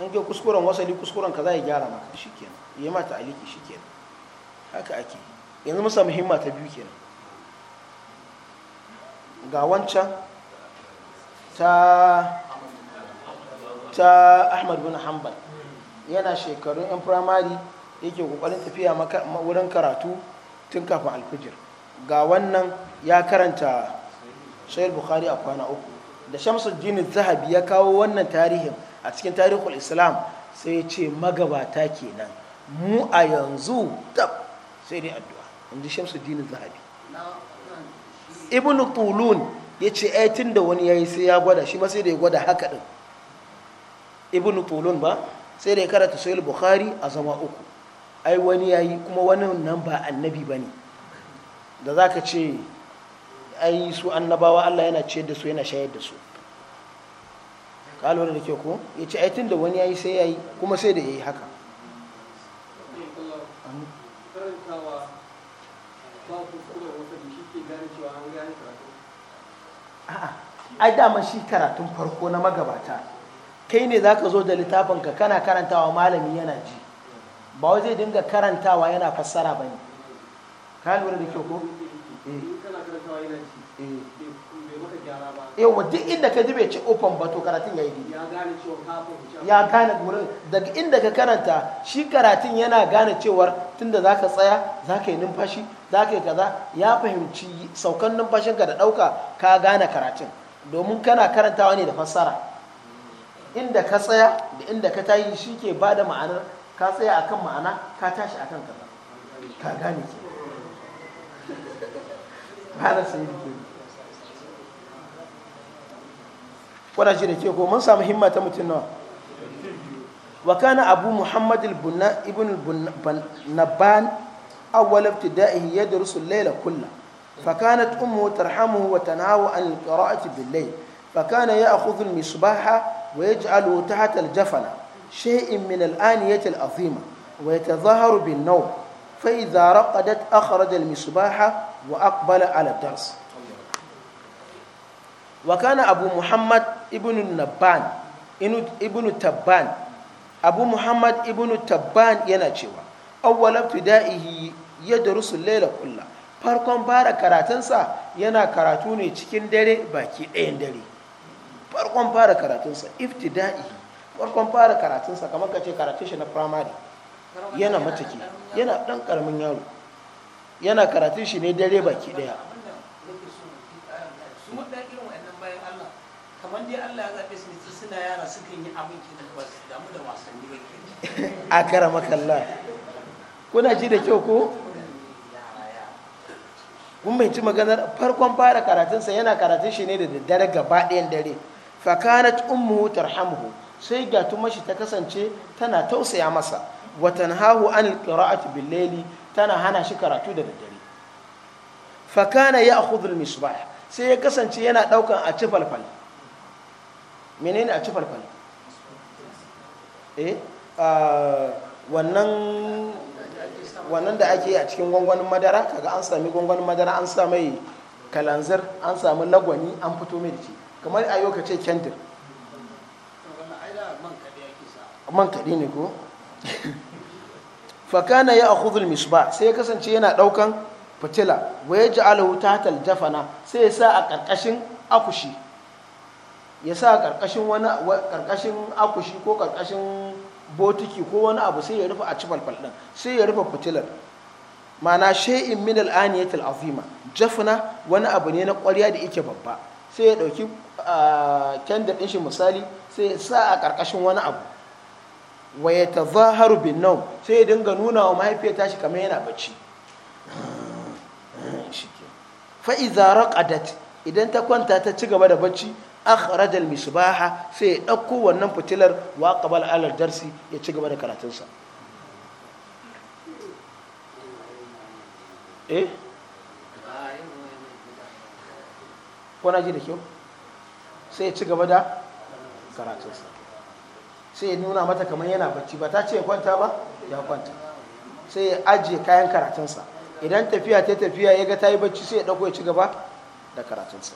in kai kuskuren wasali kuskuren ka za ya gyara maka shi kenan yi mata aliki shi kenan haka ake yanzu musa muhimma ta biyu kenan ga wancan ta ta ahmad bin hanbal yana shekarun yan firamari yake kokarin tafiya wurin karatu tun kafin alfijir ga wannan ya karanta shayar bukhari a kwana uku da shamsu jini zahabi ya kawo wannan tarihin a cikin tarihul islam sai ya ce magabata kenan mu a yanzu tab sai dai addu'a in ji shamsu jini zahabi ibn tulun ya ce aitin da wani ya yi sai ya gwada shi ma sai da ya gwada haka din ibn tulun ba sai da ya karanta sahih bukhari a zama uku ai wani ya yi kuma wani nan ba annabi ba ne da za ka ce ai su annabawa Allah yana ce da su yana shayar da su kalwar da ke ko ya ce aitin da wani ya yi sai ya yi kuma sai da ya yi haka ai dama shi karatun farko na magabata kai ne za ka zo da littafinka kana karantawa malami yana ji ba wai zai dinga karantawa yana fassara ba ne ka lura da kyau ko yawa eh. eh. duk inda ka ji bai ci open ba to karatun ya yi ya gane gurin daga inda ka karanta shi karatun yana gane cewar tunda za ka tsaya za ka yi numfashi za ka yi kaza ya fahimci saukan numfashinka da ɗauka ka gane karatun domin kana karantawa ne da fassara inda ka tsaya da inda ka tayi shi ke ba da ma'anar ka tsaya akan ma'ana ka tashi akan kaza ka gane ke ala sayyidi kenan kuna shi da ke ko mun samu himma ta mutum nawa wa kana abu muhammad al-bunna ibn al-nabban awwal ibtida'ihi yadrusu al-layla kullahu فكانت أمه ترحمه وتنعه عن القراءة بالليل فكان يأخذ المصباح ويجعله تحت الجفنة شيء من الآنية العظيمة ويتظاهر بالنوم فإذا رقدت أخرج المصباح wa aqbala ala dars wa kana abu muhammad ibnu nabban ibnu tabban abu muhammad ibnu tabban yana cewa awwal ibtida'ihi yadrusu layla kullu farkon fara karatunsa yana karatu ne cikin dare baki ɗayan dare farkon fara karatunsa ibtida'ihi farkon fara karatunsa kamar ka ce karatun na firamare yana mataki yana ɗan ƙaramin yaro yana karatun shi ne dare baki daya a kara makalla kuna ji da kyau ko kun bai ci maganar farkon fara karatunsa yana karatun shi ne da daddare gaba ɗayan dare fakanat ummuhu tarhamuhu sai ga tumashi ta kasance tana tausaya masa watan hahu an qira'ati bil tana hana shi karatu da daddare fakana ya akhudhul misbah sai ya kasance yana daukan eh, a cifalfal menene a cifalfal eh wannan wannan da ake a cikin gwangwanin madara kaga an sami gwangwanin madara an sa mai kalanzir an sami lagwani an fito mai da shi kamar a yau ka ce kendir man kadi ne ko fakana ya akhudhul misbah sai ya kasance yana daukan fitila wa yaj'aluhu tahta aljafana sai ya sa a karkashin akushi ya sa karkashin wani karkashin akushi ko karkashin botiki ko wani abu sai ya rufe a cifalfal din sai ya rufe fitilar mana shay'in min al'aniyat al'azima jafna wani abu ne na ƙwarya da yake babba sai ya dauki kendir ah, din shi misali sai ya sa a karkashin wani abu wa ya zaharu bin nau sai ya dinga nuna wa mahaifiyar shi kamar yana bacci fa'iza raqadat idan ta kwanta ta ci gaba da bacci akhrajal misbaha sai ya ɗauko wannan fitilar wa qabal alar darsi ya ci gaba da karatunsa eh da kyau sai ya ci gaba da karatunsa sai ya nuna mata kamar yana bacci ba ta ce ya kwanta ba ya kwanta sai ya ajiye kayan karatunsa idan tafiya ta tafiya ya ga ta yi bacci sai ya ɗauko ya ci gaba da karatunsa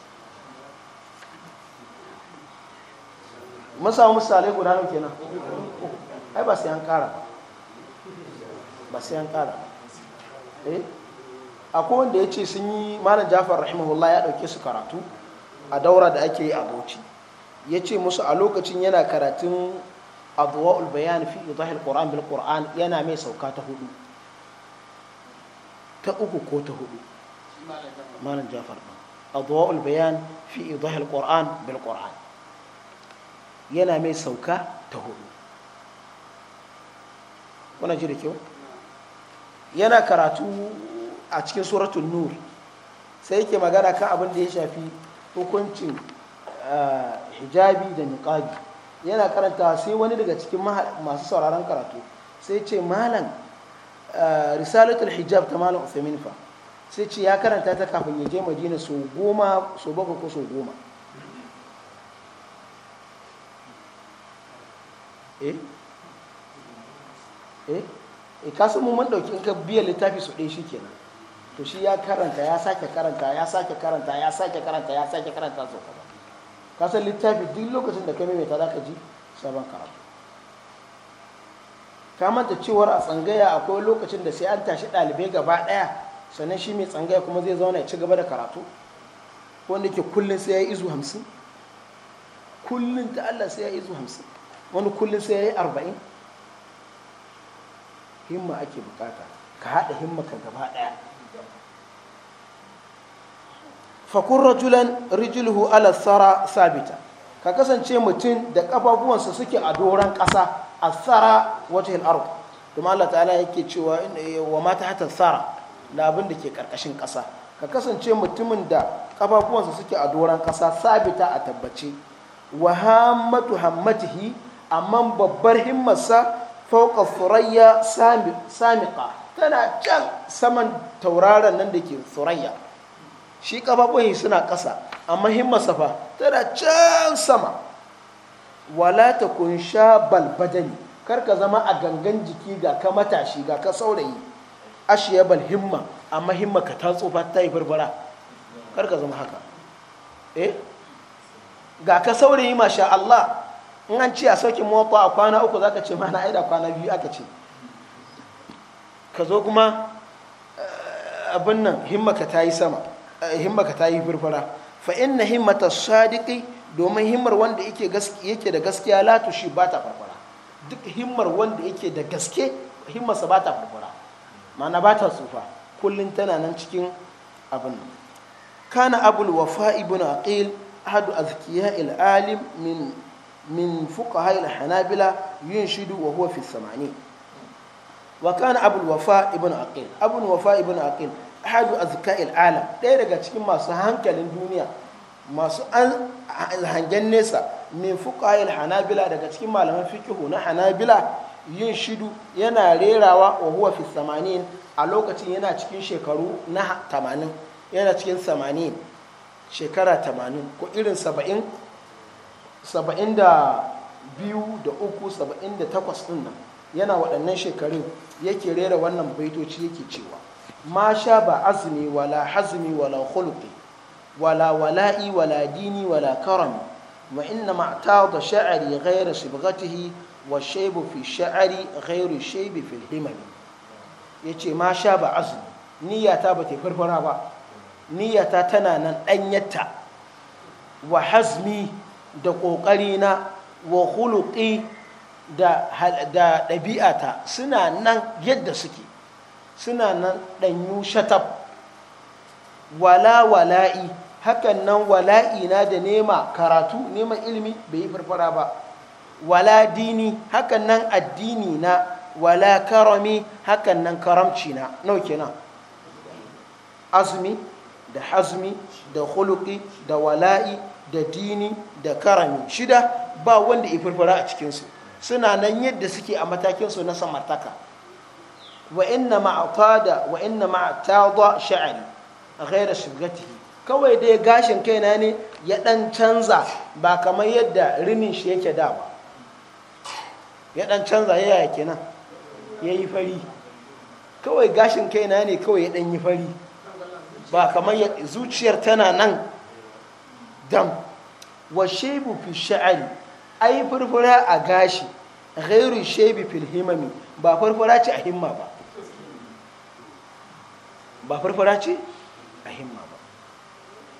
mun Musa misalai guda nan kenan ai ba sai an kara ba sai an kara eh akwai wanda ya ce sun yi malam jafar rahimahullah ya ɗauke su karatu a daura da ake yi a bauchi ya ce musu a lokacin yana karatun adwa'ul bayan fi idahil qur'an bil qur'an yana mai sauka ta hudu ta uku ko ta hudu malam jafar din adwa'ul bayan fi idahil qur'an bil qur'an yana mai sauka ta hudu kuna ji da kyau yana karatu a cikin suratul nur sai yake magana kan abin da ya shafi hukuncin hijabi da niqabi yana karanta sai wani daga cikin masu sauraron karatu sai ce malam eh, risalatul hijab ta malam Uthaymeen fa sai ce ya karanta ta kafin ya je Madina so goma so bakwai ko so goma eh eh eh kasu mu mun ɗauki in ka biya littafi su ɗaya shikenan to shi ya karanta ya sake karanta ya sake karanta ya sake karanta ya sake karanta so ka san littafi duk lokacin da ka maimaita za ka ji sabon karatu ka manta cewar a tsangaya akwai lokacin da sai an tashi ɗalibai gaba ɗaya sannan shi mai tsangaya kuma zai zauna ya ci gaba da karatu wanda ke kullum sai ya yi izu hamsin kullum ta Allah sai ya yi izu hamsin wani kullum sai ya yi arba'in himma ake bukata ka haɗa himma ka gaba ɗaya fakun rajulan rijilhu ala tsara sabita ka kasance mutum da ƙafafuwansa suke a doron ƙasa a tsara wata hil'aru kuma Allah ta'ala yake cewa wa mata hatar tsara na abin da ke ƙarƙashin ƙasa ka kasance mutumin da ƙafafuwansa suke a doron ƙasa sabita a tabbace wa hammatu hammatihi amma babbar himmarsa fauka surayya samiƙa tana can saman tauraron nan da ke surayya shi ƙafafuwan suna ƙasa amma himmarsa fa tana can sama wala ta kun sha balbadani kar ka zama a gangan jiki ga ka matashi ga ka saurayi ashiya bal himma amma himma ka ta tsofa ta yi barbara kar ka zama haka eh ga ka saurayi masha Allah in an ce a saukin mota a kwana uku zaka ce mana aida kwana biyu aka ce ka zo kuma eh, abin nan himma ka ta yi sama himmaka ta yi firfara fa inna himmata sadiqi domin himmar wanda yake yake da gaskiya la tushi ba ta farfara duk himmar wanda yake da gaske himmarsa ba ta farfara ma'ana ba ta tsufa kullum tana nan cikin abin nan kana abul wafa ibn aqil ahadu azkiya il alim min من فقهاء الحنابلة ينشد وهو في الثمانين وكان أبو الوفاء ابن عقيل أبو الوفاء ابن عقيل ahadu azka'il alam ɗaya daga cikin masu hankalin duniya masu hangen nesa min fuqahil hanabila daga cikin malaman fikihu na hanabila yin shidu yana rerawa wa huwa fi samanin a lokacin yana cikin shekaru na tamanin yana cikin samanin shekara tamanin ko irin saba'in saba'in da biyu da uku saba'in da takwas din nan yana waɗannan shekarun yake rera wannan baitoci yake cewa Masha ba azumi wala hazmi wala khulqi wala wala'i wala dini wala karami wa inna ma ta'ada sha'ari ghayra sibghatihi wa shaybu fi sha'ari ghayru shaybi yace ma ba azumi niyyata ba ta farfara ba niyyata tana nan danyarta wa hazmi da ƙoƙarina wa huluƙi da ɗabi'ata suna nan yadda suke suna nan ɗanyu shatab wala wala'i hakan nan wala'i na da nema karatu nema ilimi bai yi farfara ba wala dini hakan nan addini na wala karami hakan nan karamci na nau kenan azumi da hazmi da huluki da wala'i da dini da karami shida ba wanda ya farfara a cikinsu suna nan yadda suke a matakinsu na samartaka وإنما أطاد وإنما اعتاض شعري غير شبغته kawai dai gashin kaina ne ya dan canza ba kamar yadda rinin shi yake da ba ya dan canza ya yaya kenan ya yi fari kawai gashin kaina ne kawai ya yi fari ba kamar zuciyar tana nan dam wa shebu fi ai furfura a gashi ghairu shebi fil ba furfura ce a himma ba ba farfara ce a himma ba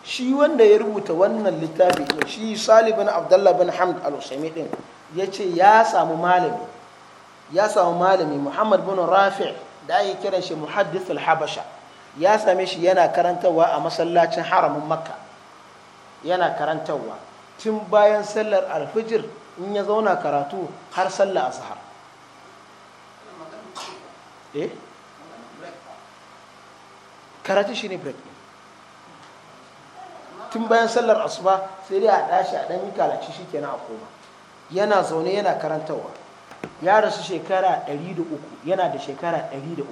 shi wanda ya rubuta wannan littafi Shi shi salibin abdullah bin hamd al-usaimi din. ya ce ya samu malami ya samu malami muhammad bin rafi da ake kiran shi muhaddith al-habasha ya same shi yana karantarwa a masallacin haramin makka yana karantarwa tun bayan sallar alfijir in ya zauna karatu har sallar azhar eh karatun shi ne break tun bayan sallar asuba sai dai a ɗashi a ɗan yi kalaci shi kenan a koma yana zaune yana karantarwa ya rasu shekara 300 yana da shekara 300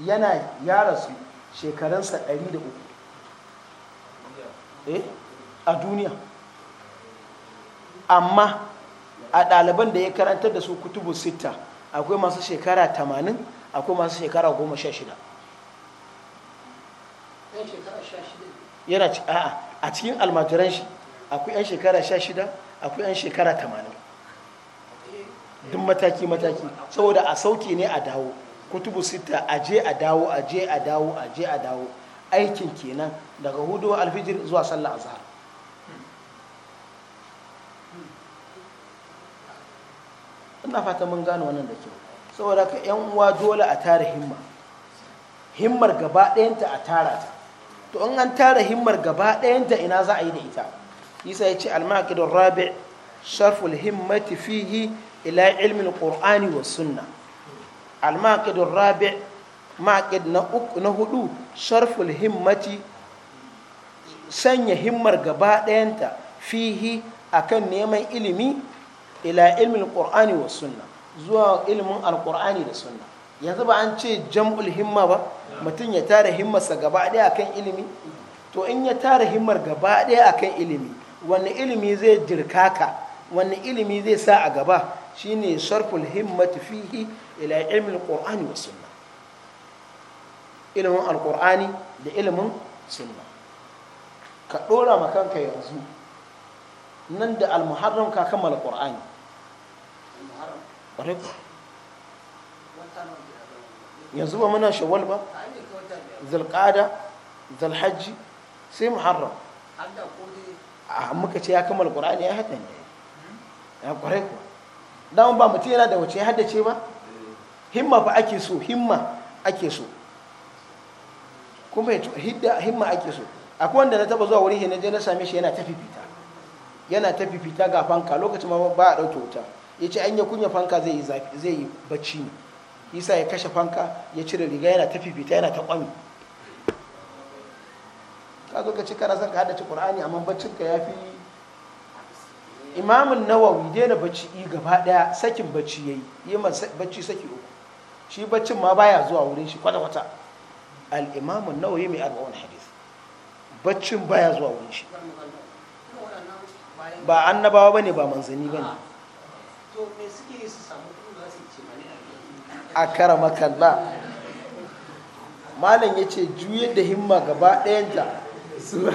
yana ya rasu shekarunsa 300 eh a duniya amma a ɗaliban da ya karantar da su kutubu sita akwai masu shekara akwai masu shekara goma sha shida yana a cikin almajiran shi akwai 'yan shekara sha shida akwai 'yan shekara tamanin eh. duk mataki-mataki saboda a sauke ne a dawo kutubu sita a je a dawo a je a dawo a je a dawo aikin kenan daga hudu alfijir zuwa sallah azhar ina fata mun gano wannan da kyau saboda ka yan uwa dole a tara himma himmar gaba ɗayanta a tara ta to in an tara himmar gaba ɗayanta ina za a yi da ita isa ya ce almakidun rabi sharful himmati fihi ila ilmin qur'ani wa sunna almakidun rabi maƙid na hudu sharful himmati sanya himmar gaba ɗayanta fihi akan neman ilimi ila ilmin qur'ani wa sunna zuwa ilimin alkur'ani da sunna yanzu ba an ce jam'ul himma ba mutum ya tara himmarsa gaba ɗaya akan ilimi to in ya tara himmar gaba ɗaya akan ilimi wanne ilimi zai jirkaka wani ilimi zai sa a gaba shine sarful himmatu fihi ila ilmin alqur'ani wa sunna ilimin da ilimin sunna ka ɗora ma kanka yanzu nan da almuharram ka kammala qur'ani yanzu ba muna shawal ba zulqada zulhajji sai muharram a muka ce ya kamar qur'ani ya haɗa ne ya ƙware ku dan ba mutum yana da wace haddace ba himma ba ake so himma ake so kuma ya himma ake so akwai wanda na taba zuwa wurin na je na same shi yana tafi fita yana tafi fita ga fanka lokacin ma ba a dauke wuta ya ce an ya kunya fanka zai yi bacci ne isa ya kashe fanka ya cire riga yana ta fifita yana ta kwami ka zo ka ci kana son ka ci qur'ani amma baccin ka ya fi imamun nawawi daina bacci yi gaba daya sakin bacci yayi yi ma bacci saki uku shi baccin ma baya zuwa wurin shi kwata kwata al'imamun imamun nawawi mai arba'un hadith baccin baya zuwa wurin shi ba annabawa ne ba manzanni ne. a kara makalla malam ya ce juye da himma gaba ɗayanta su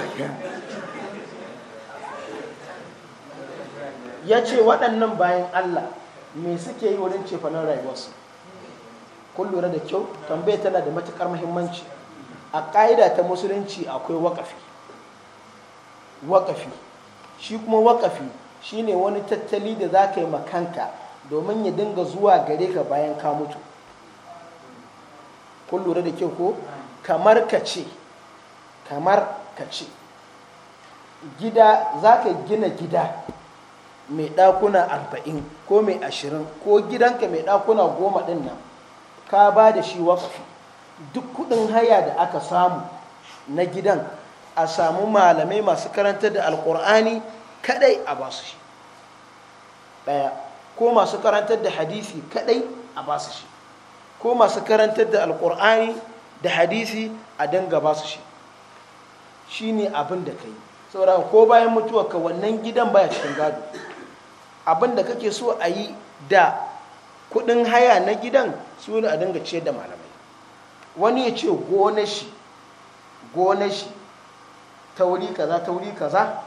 ya ce waɗannan bayan allah me suke yi wurin cefanen rayuwarsu kun lura da kyau tambaya tana da matuƙar muhimmanci a ƙa'ida ta musulunci akwai waƙafi waƙafi shi kuma waƙafi shine wani tattali da za ka yi makanka domin ya dinga zuwa gare ka bayan ka mutu kun lura da kyau ko kamar ka ce kamar ka ce gida za ka gina gida mai ɗakuna arba'in ko mai ashirin ko gidanka mai ɗakuna goma ɗin nan ka ba da shi wakfi duk kuɗin haya da aka samu na gidan a samu malamai masu karanta da alkur'ani kadai a ba su shi ɗaya ko masu karantar da hadisi kadai a ba su shi ko masu karantar da alkur'ani da hadisi a danga ba su shi shi ne abin da ka yi ko bayan mutuwa ka wannan gidan baya cikin gado abin da kake so a yi da kudin haya na gidan su ne a dinga ciyar da malamai wani ya ce gonashi gonashi shi. Tauri kaza tauri kaza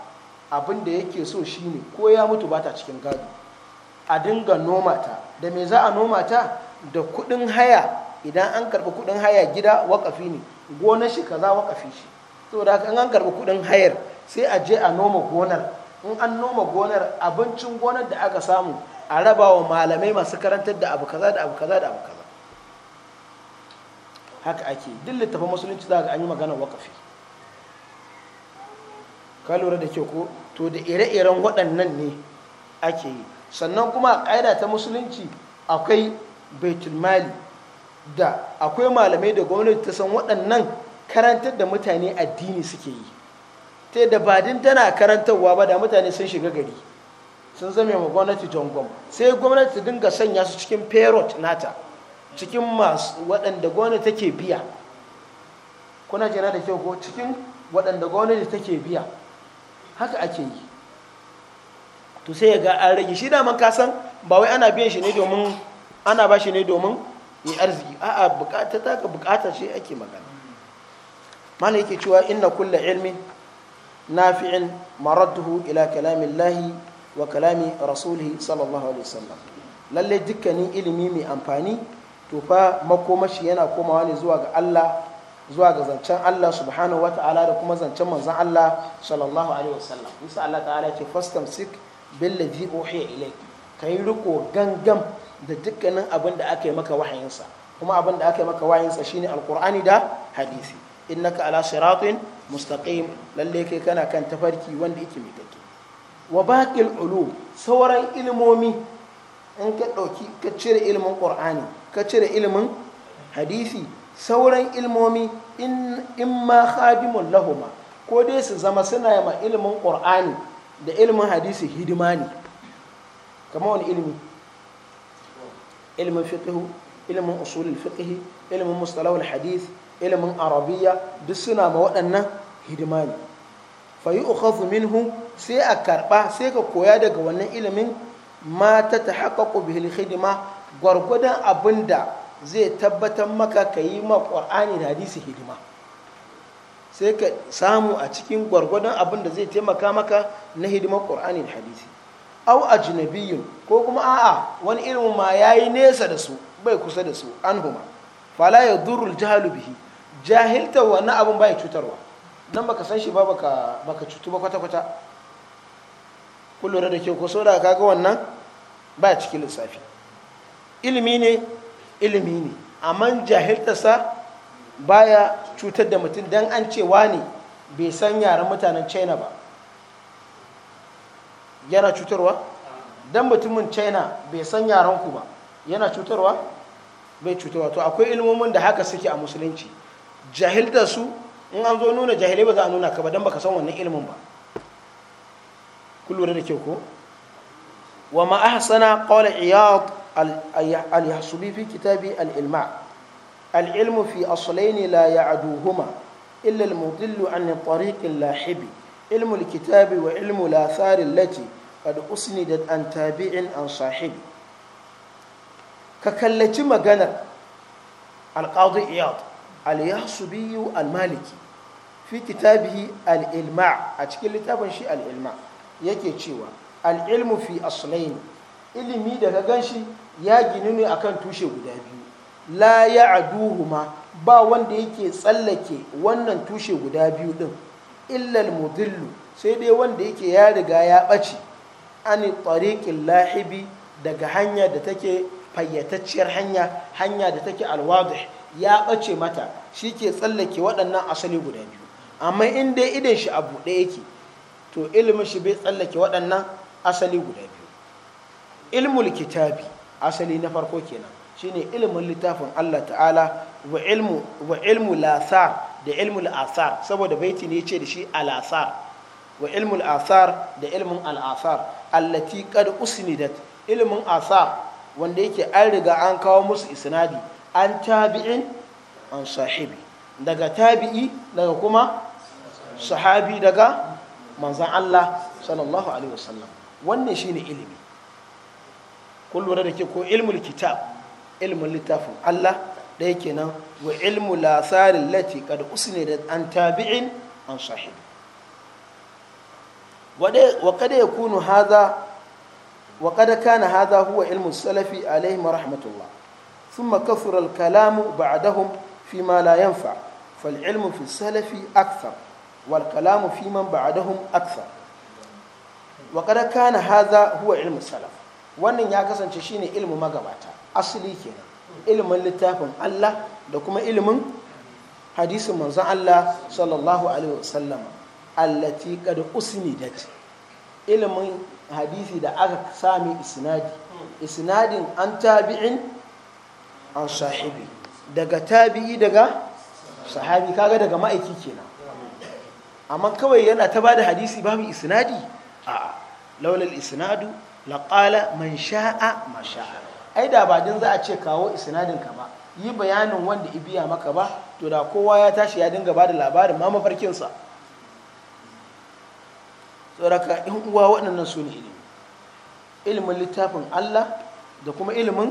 abin da yake so shi ne ko ya mutu ba ta cikin gado a dinga nomata. da me za a noma ta da kudin haya idan an karɓi kudin haya gida wakafi ne gonar shi kaza wakafi shi da haka an karɓi kudin hayar sai a je a noma gonar in an noma gonar abincin gonar da aka samu a raba wa malamai masu karantar da abu kaza da abu kaza da abu kaza haka ake duk littafin musulunci za ga an yi maganar wakafi ka lura da ke ko to da ire-iren waɗannan ne ake yi sannan kuma a ƙa'ida ta musulunci akwai baitulmali da akwai malamai da gwamnati ta san waɗannan karantar da mutane addini suke yi ta ba badin tana karantarwa ba da mutane sun shiga gari sun zame ma gwamnati jangon sai gwamnati ta dinga sanya su cikin perot nata cikin masu waɗanda gwamnati take biya kuna jira da kyau ko cikin waɗanda gwamnati take biya haka ake yi to sai ya ga an rage shi daman kasan ba wai ana biyan shi ne domin ana ba shi ne domin yi arziki a a'a bukata ta ka bukata ce ake magana mana yake cewa inna kulla ilmin nafi'in maradduhu ila kalamin lahi wa kalami rasulihi sallallahu alaihi wasallam lalle dukkanin ilimi mai amfani to fa makomashi yana komawa ne zuwa ga Allah zuwa ga zancen Allah subhanahu wata'ala da kuma zancen manzon Allah sallallahu alaihi wasallam isa Allah ta'ala ce fastamsik billadhi uhiya ilayk kai riko gangam da dukkanin abin da aka yi maka wahayinsa kuma abin da aka yi maka wahayinsa shine alqur'ani da hadisi innaka ala siratin mustaqim lalle kai kana kan tafarki wanda yake mitake wa baqil ulum sauran ilmomi in ka dauki ka cire ilmin qur'ani ka cire ilmin hadisi sauran ilmomi in ma khadimun lahuma ko dai su zama suna ma ilimin ƙur'ani da ilimin hadisi hidima ne kama wani ilimi ilimin fiqhu ilimin usulul fiqhi ilimin mustalahul hadith ilimin arabiya duk suna ma waɗannan hidima ne fa yu'khadhu minhu sai a karɓa sai ka koya daga wannan ilimin ma ta tahaqqaqu bihil hidima gwargwadon abinda zai tabbatar maka ka yi ma ƙwar'ani da hadisi hidima sai ka samu a cikin gwargwadon abin da zai taimaka maka na hidimar ƙur'ani da hadisi au ajnabiyyun ko kuma a'a wani ilimin ma yayi nesa da su bai kusa da su anhuma fala yadurru jahalu bihi jahilta wannan abin bai cutarwa dan baka san shi ba baka baka cutu ba kwata kwata kullum da ke ko ka kaga wannan ba cikin lissafi ilimi ne ilimi ne amma jahiltarsa baya cutar da mutum don an cewa ne bai san yaren mutanen china ba yana cutarwa don mutumin china bai san yaren ku ba yana cutarwa bai cutarwa to akwai ilmomin da haka suke a musulunci jahiltar su in an zo nuna jahilai ba za a nuna ka ba don baka san wannan ilimin ba ku lura da kyau ko wa ma ahsana kawai iyad al-yahsubi fi kitabi al-ilma al-ilmu fi aslaini la ya'duhuma illa al-mudillu an tariqin lahibi ilmu al-kitabi wa ilmu al-athar allati qad usnidat an tabi'in an sahibi ka kallaci maganar al-qadi iyad al-yahsubi al-maliki fi kitabihi al-ilma a cikin littafin shi al-ilma yake cewa al-ilmu fi aslaini ilimi da ka ganshi ya ginu ne akan tushe guda biyu la ma ba wanda yake tsallake wannan tushe guda biyu din illal mudillu sai dai wanda yake ya riga ya ɓace ani tariqil lahibi daga hanya da take fayyatacciyar hanya hanya da take alwadih ya ɓace mata shi ke tsallake waɗannan asali guda biyu amma in dai idan shi a buɗe yake to ilimin shi bai tsallake waɗannan asali guda biyu ilmul kitabi asali na farko kenan shine ilmin littafin Allah ta'ala wa ilmu wa ilmu lasar da ilmul asar saboda baiti ne yace da shi alasar wa ilmul asar da ilmin al'asar allati qad usnidat ilmin asar wanda yake an riga an kawo musu isnadi an tabi'in an sahibi daga tabi'i daga kuma sahabi daga manzan Allah sallallahu alaihi wasallam wannan shine ilimi kun lura da ke ko ilmul kitab ilmul littafin Allah ɗaya kenan wa ilmu lasarin lati kada usne da an tabi'in an sahib wa kada ya kunu haza wa kada kana haza huwa ilmu salafi alaihim rahmatullah ثم كثر الكلام بعدهم فيما لا ينفع فالعلم في السلف أكثر والكلام في من بعدهم أكثر وقد كان هذا huwa ilmu salafi. wannan ya kasance shine ilimin magabata asali kenan ilimin littafin Allah da kuma ilimin hadisin manzon Allah sallallahu alaihi wasallama allati qad usnidat ilimin hadisi da aka sami isnadi isnadin an tabi'in an sahibi daga tabi'i daga sahabi kaga daga ma'aiki kenan amma kawai yana ta bada hadisi babu isnadi a'a laulal isnadu laƙala man sha'a ma sha'a ai da ba din za a ce kawo isnadin ka ba yi bayanin wanda ibiya maka ba to da kowa ya tashi ya dinga ba da labarin ma mafarkinsa tsoraka in uwa waɗannan su ne ilimi ilimin littafin Allah da kuma ilimin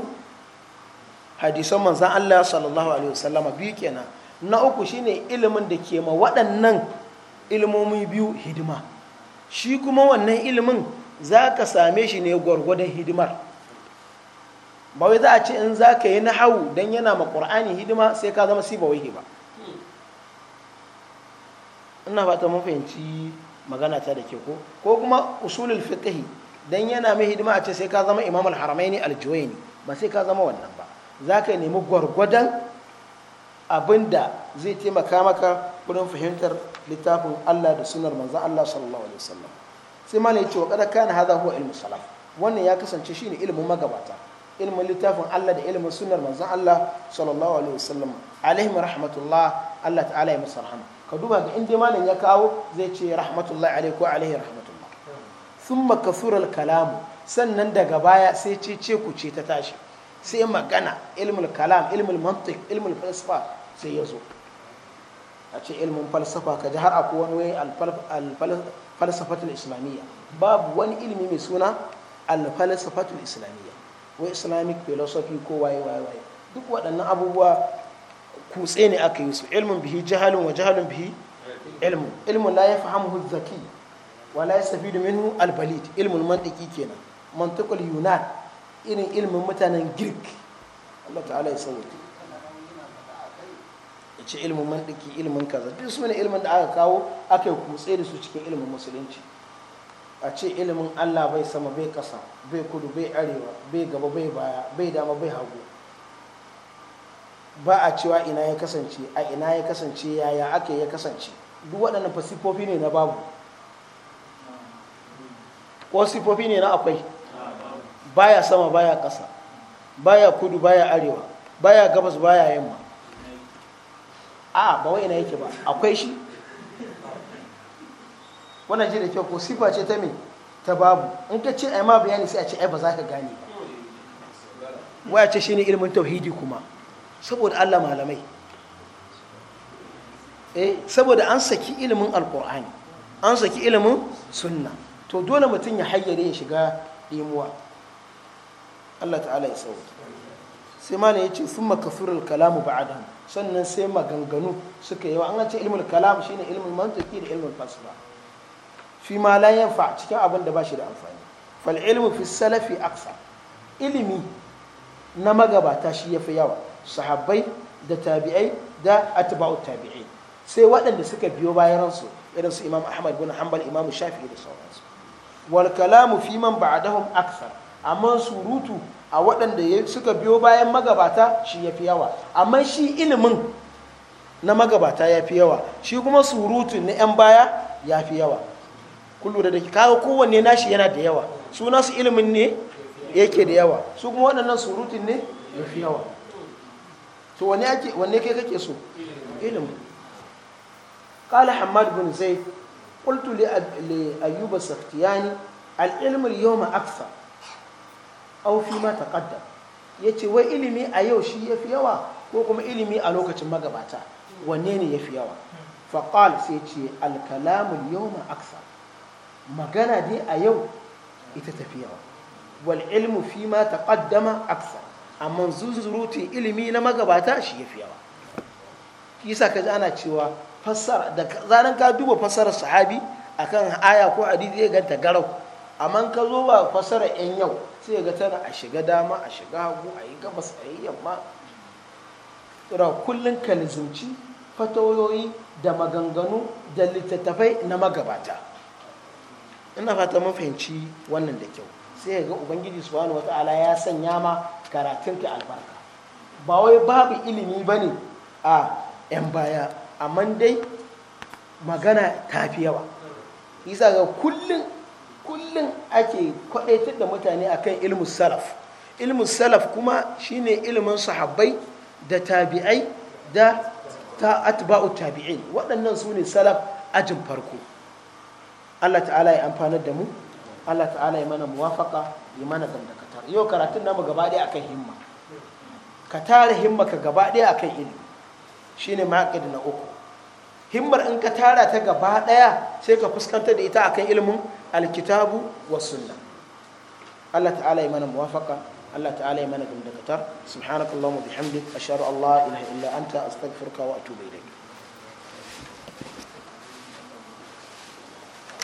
hadisan manzan Allah sallallahu alaihi wasallama biyu kenan na uku shine ilimin da ke ma waɗannan ilimomi biyu hidima shi kuma wannan ilimin za ka same shi ne gwargwadon hidimar ba wai za a ce in za ka yi na hau don yana ma ƙur'ani hidima sai ka zama siba wai ba ina fata mun fahimci magana ta da ke ko ko kuma usulul fiqhi dan yana mai hidima a ce sai ka zama imam al-haramaini al-juwayni ba sai ka zama wannan ba za ka nemi gwargwadon abinda zai taimaka maka kudin fahimtar littafin Allah da sunar manzon Allah sallallahu alaihi wasallam sai ma ne cewa kada kana hadha huwa ilmu salaf wannan ya kasance shine ilimin magabata ilimin littafin Allah da ilimin sunnar manzon Allah sallallahu alaihi wasallam alaihim rahmatullah Allah ta'ala ya masa rahama ka duba ga inda malam ya kawo zai ce rahmatullahi alaihi ko alaihi rahmatullah thumma kathura al-kalam sannan daga baya sai ce ce ku ce ta tashi sai magana ilmul kalam ilmul mantiq ilmul falsafa sai ya zo a ce ilmin falsafa ka ji har akwai wani falsafatul islamiyya babu wani ilimi mai suna al falsafatul islamiyya wa islamic philosophy ko waye waye waye duk waɗannan abubuwa kutse ne aka yi su ilmun bihi jahalun wa jahalun bihi ilmu. Ilmu la yafhamuhu zaki wa la yastafidu minhu al balid ilmun mantiki kenan mantukul yunan irin ilmin mutanen girk Allah ta'ala ya sauke ya ce ilimin mandiki ilimin kaza duk su ne ilimin da aka kawo aka yi kutse da su cikin ilimin musulunci a ce ilimin allah bai sama bai kasa bai kudu bai arewa bai gaba bai baya bai dama bai hagu ba a cewa ina ya kasance a ina ya kasance yaya aka ya kasance duk waɗannan fasifofi ne na babu ko sifofi ne na akwai baya sama baya ƙasa baya kudu baya arewa baya gabas baya yamma a ba wai ina yake ba akwai shi wannan ji da kyau ko sifa ce ta me ta babu in ka ce ai ma bayani sai a ce ai ba za ka gane ba waya ce ne ilimin tauhidi kuma saboda Allah malamai eh saboda an saki ilimin alqur'ani an saki ilimin sunna to dole mutum ya hayyare ya shiga ɗimuwa Allah ta'ala ya sauke sai ma ne ya ce sun makasur kalamu ba'adahu sannan sai maganganu suka yawa an ce ilmul kalam shine ilmul mantiki da ilmul falsafa fi ma la yanfa cikin abin da ba shi da amfani fal ilmu fi salafi aksa ilimi na magabata shi yafi yawa sahabbai da tabi'ai da atba'u tabi'ai sai waɗanda suka biyo bayan su irin su imam ahmad bin hanbal imam shafi'i da sauransu wal kalamu fi man ba'dahum Aksar amma surutu a waɗanda suka biyo bayan magabata shi ya fi yawa amma shi ilimin na magabata ya fi yawa shi kuma surutu na 'yan baya ya fi yawa kullu da dake kawo kowanne nashi yana da yawa su nasu ilimin ne yake da yawa su kuma waɗannan surutun ne ya fi yawa to wanne ake wanne kai kake so ilimin qala hamad bin zai qultu li ayyuba saftiyani al ilmu al ma ta kadda ya ce wai ilimi a yau shi ya fi yawa ko kuma ilimi a lokacin magabata wanne ne ya fi yawa faƙal sai ce alkalamun yau ma aksar magana dai a yau ita tafi yawa wal ilmu fi ma taqaddama aksar amma zuzurutun ilimi na magabata shi ya fi yawa kisa ka ana cewa fassara da zanen ka duba fassarar sahabi akan aya ko hadisi ya ganta garau amma ka zo ba fassara yan yau sai ga tana a shiga dama a shiga hagu a yi gabas a yi yamma ra kullum ka nizumci da maganganu da littattafai na magabata ina fata mafahimci wannan da kyau sai ga ubangiji subhanahu wata'ala ya sanya ma karatun ka albarka ba wai babu ilimi ba ne a 'yan baya amma dai magana ta fi yawa isa ga kullun. kullum ake kwadaitar da mutane akan ilmu salaf ilmu salaf kuma shine ilmin sahabbai da tabi'ai da ta atba'u tabi'in waɗannan su ne salaf ajin farko Allah ta'ala ya amfanar da mu Allah ta'ala ya mana muwafaka ya mana gamdakatar yau karatun namu gaba ɗaya akan himma ka tara himma ka gaba ɗaya akan Shi shine maqid na uku himmar in ka tara ta gaba ɗaya sai ka fuskantar da ita akan ilmin alkitabu wa sunna Allah ta'ala ya mana muwafaka Allah ta'ala ya mana gamdakatar subhanakallahumma bihamdik ashhadu an la ilaha illa anta astaghfiruka wa atubu ilayk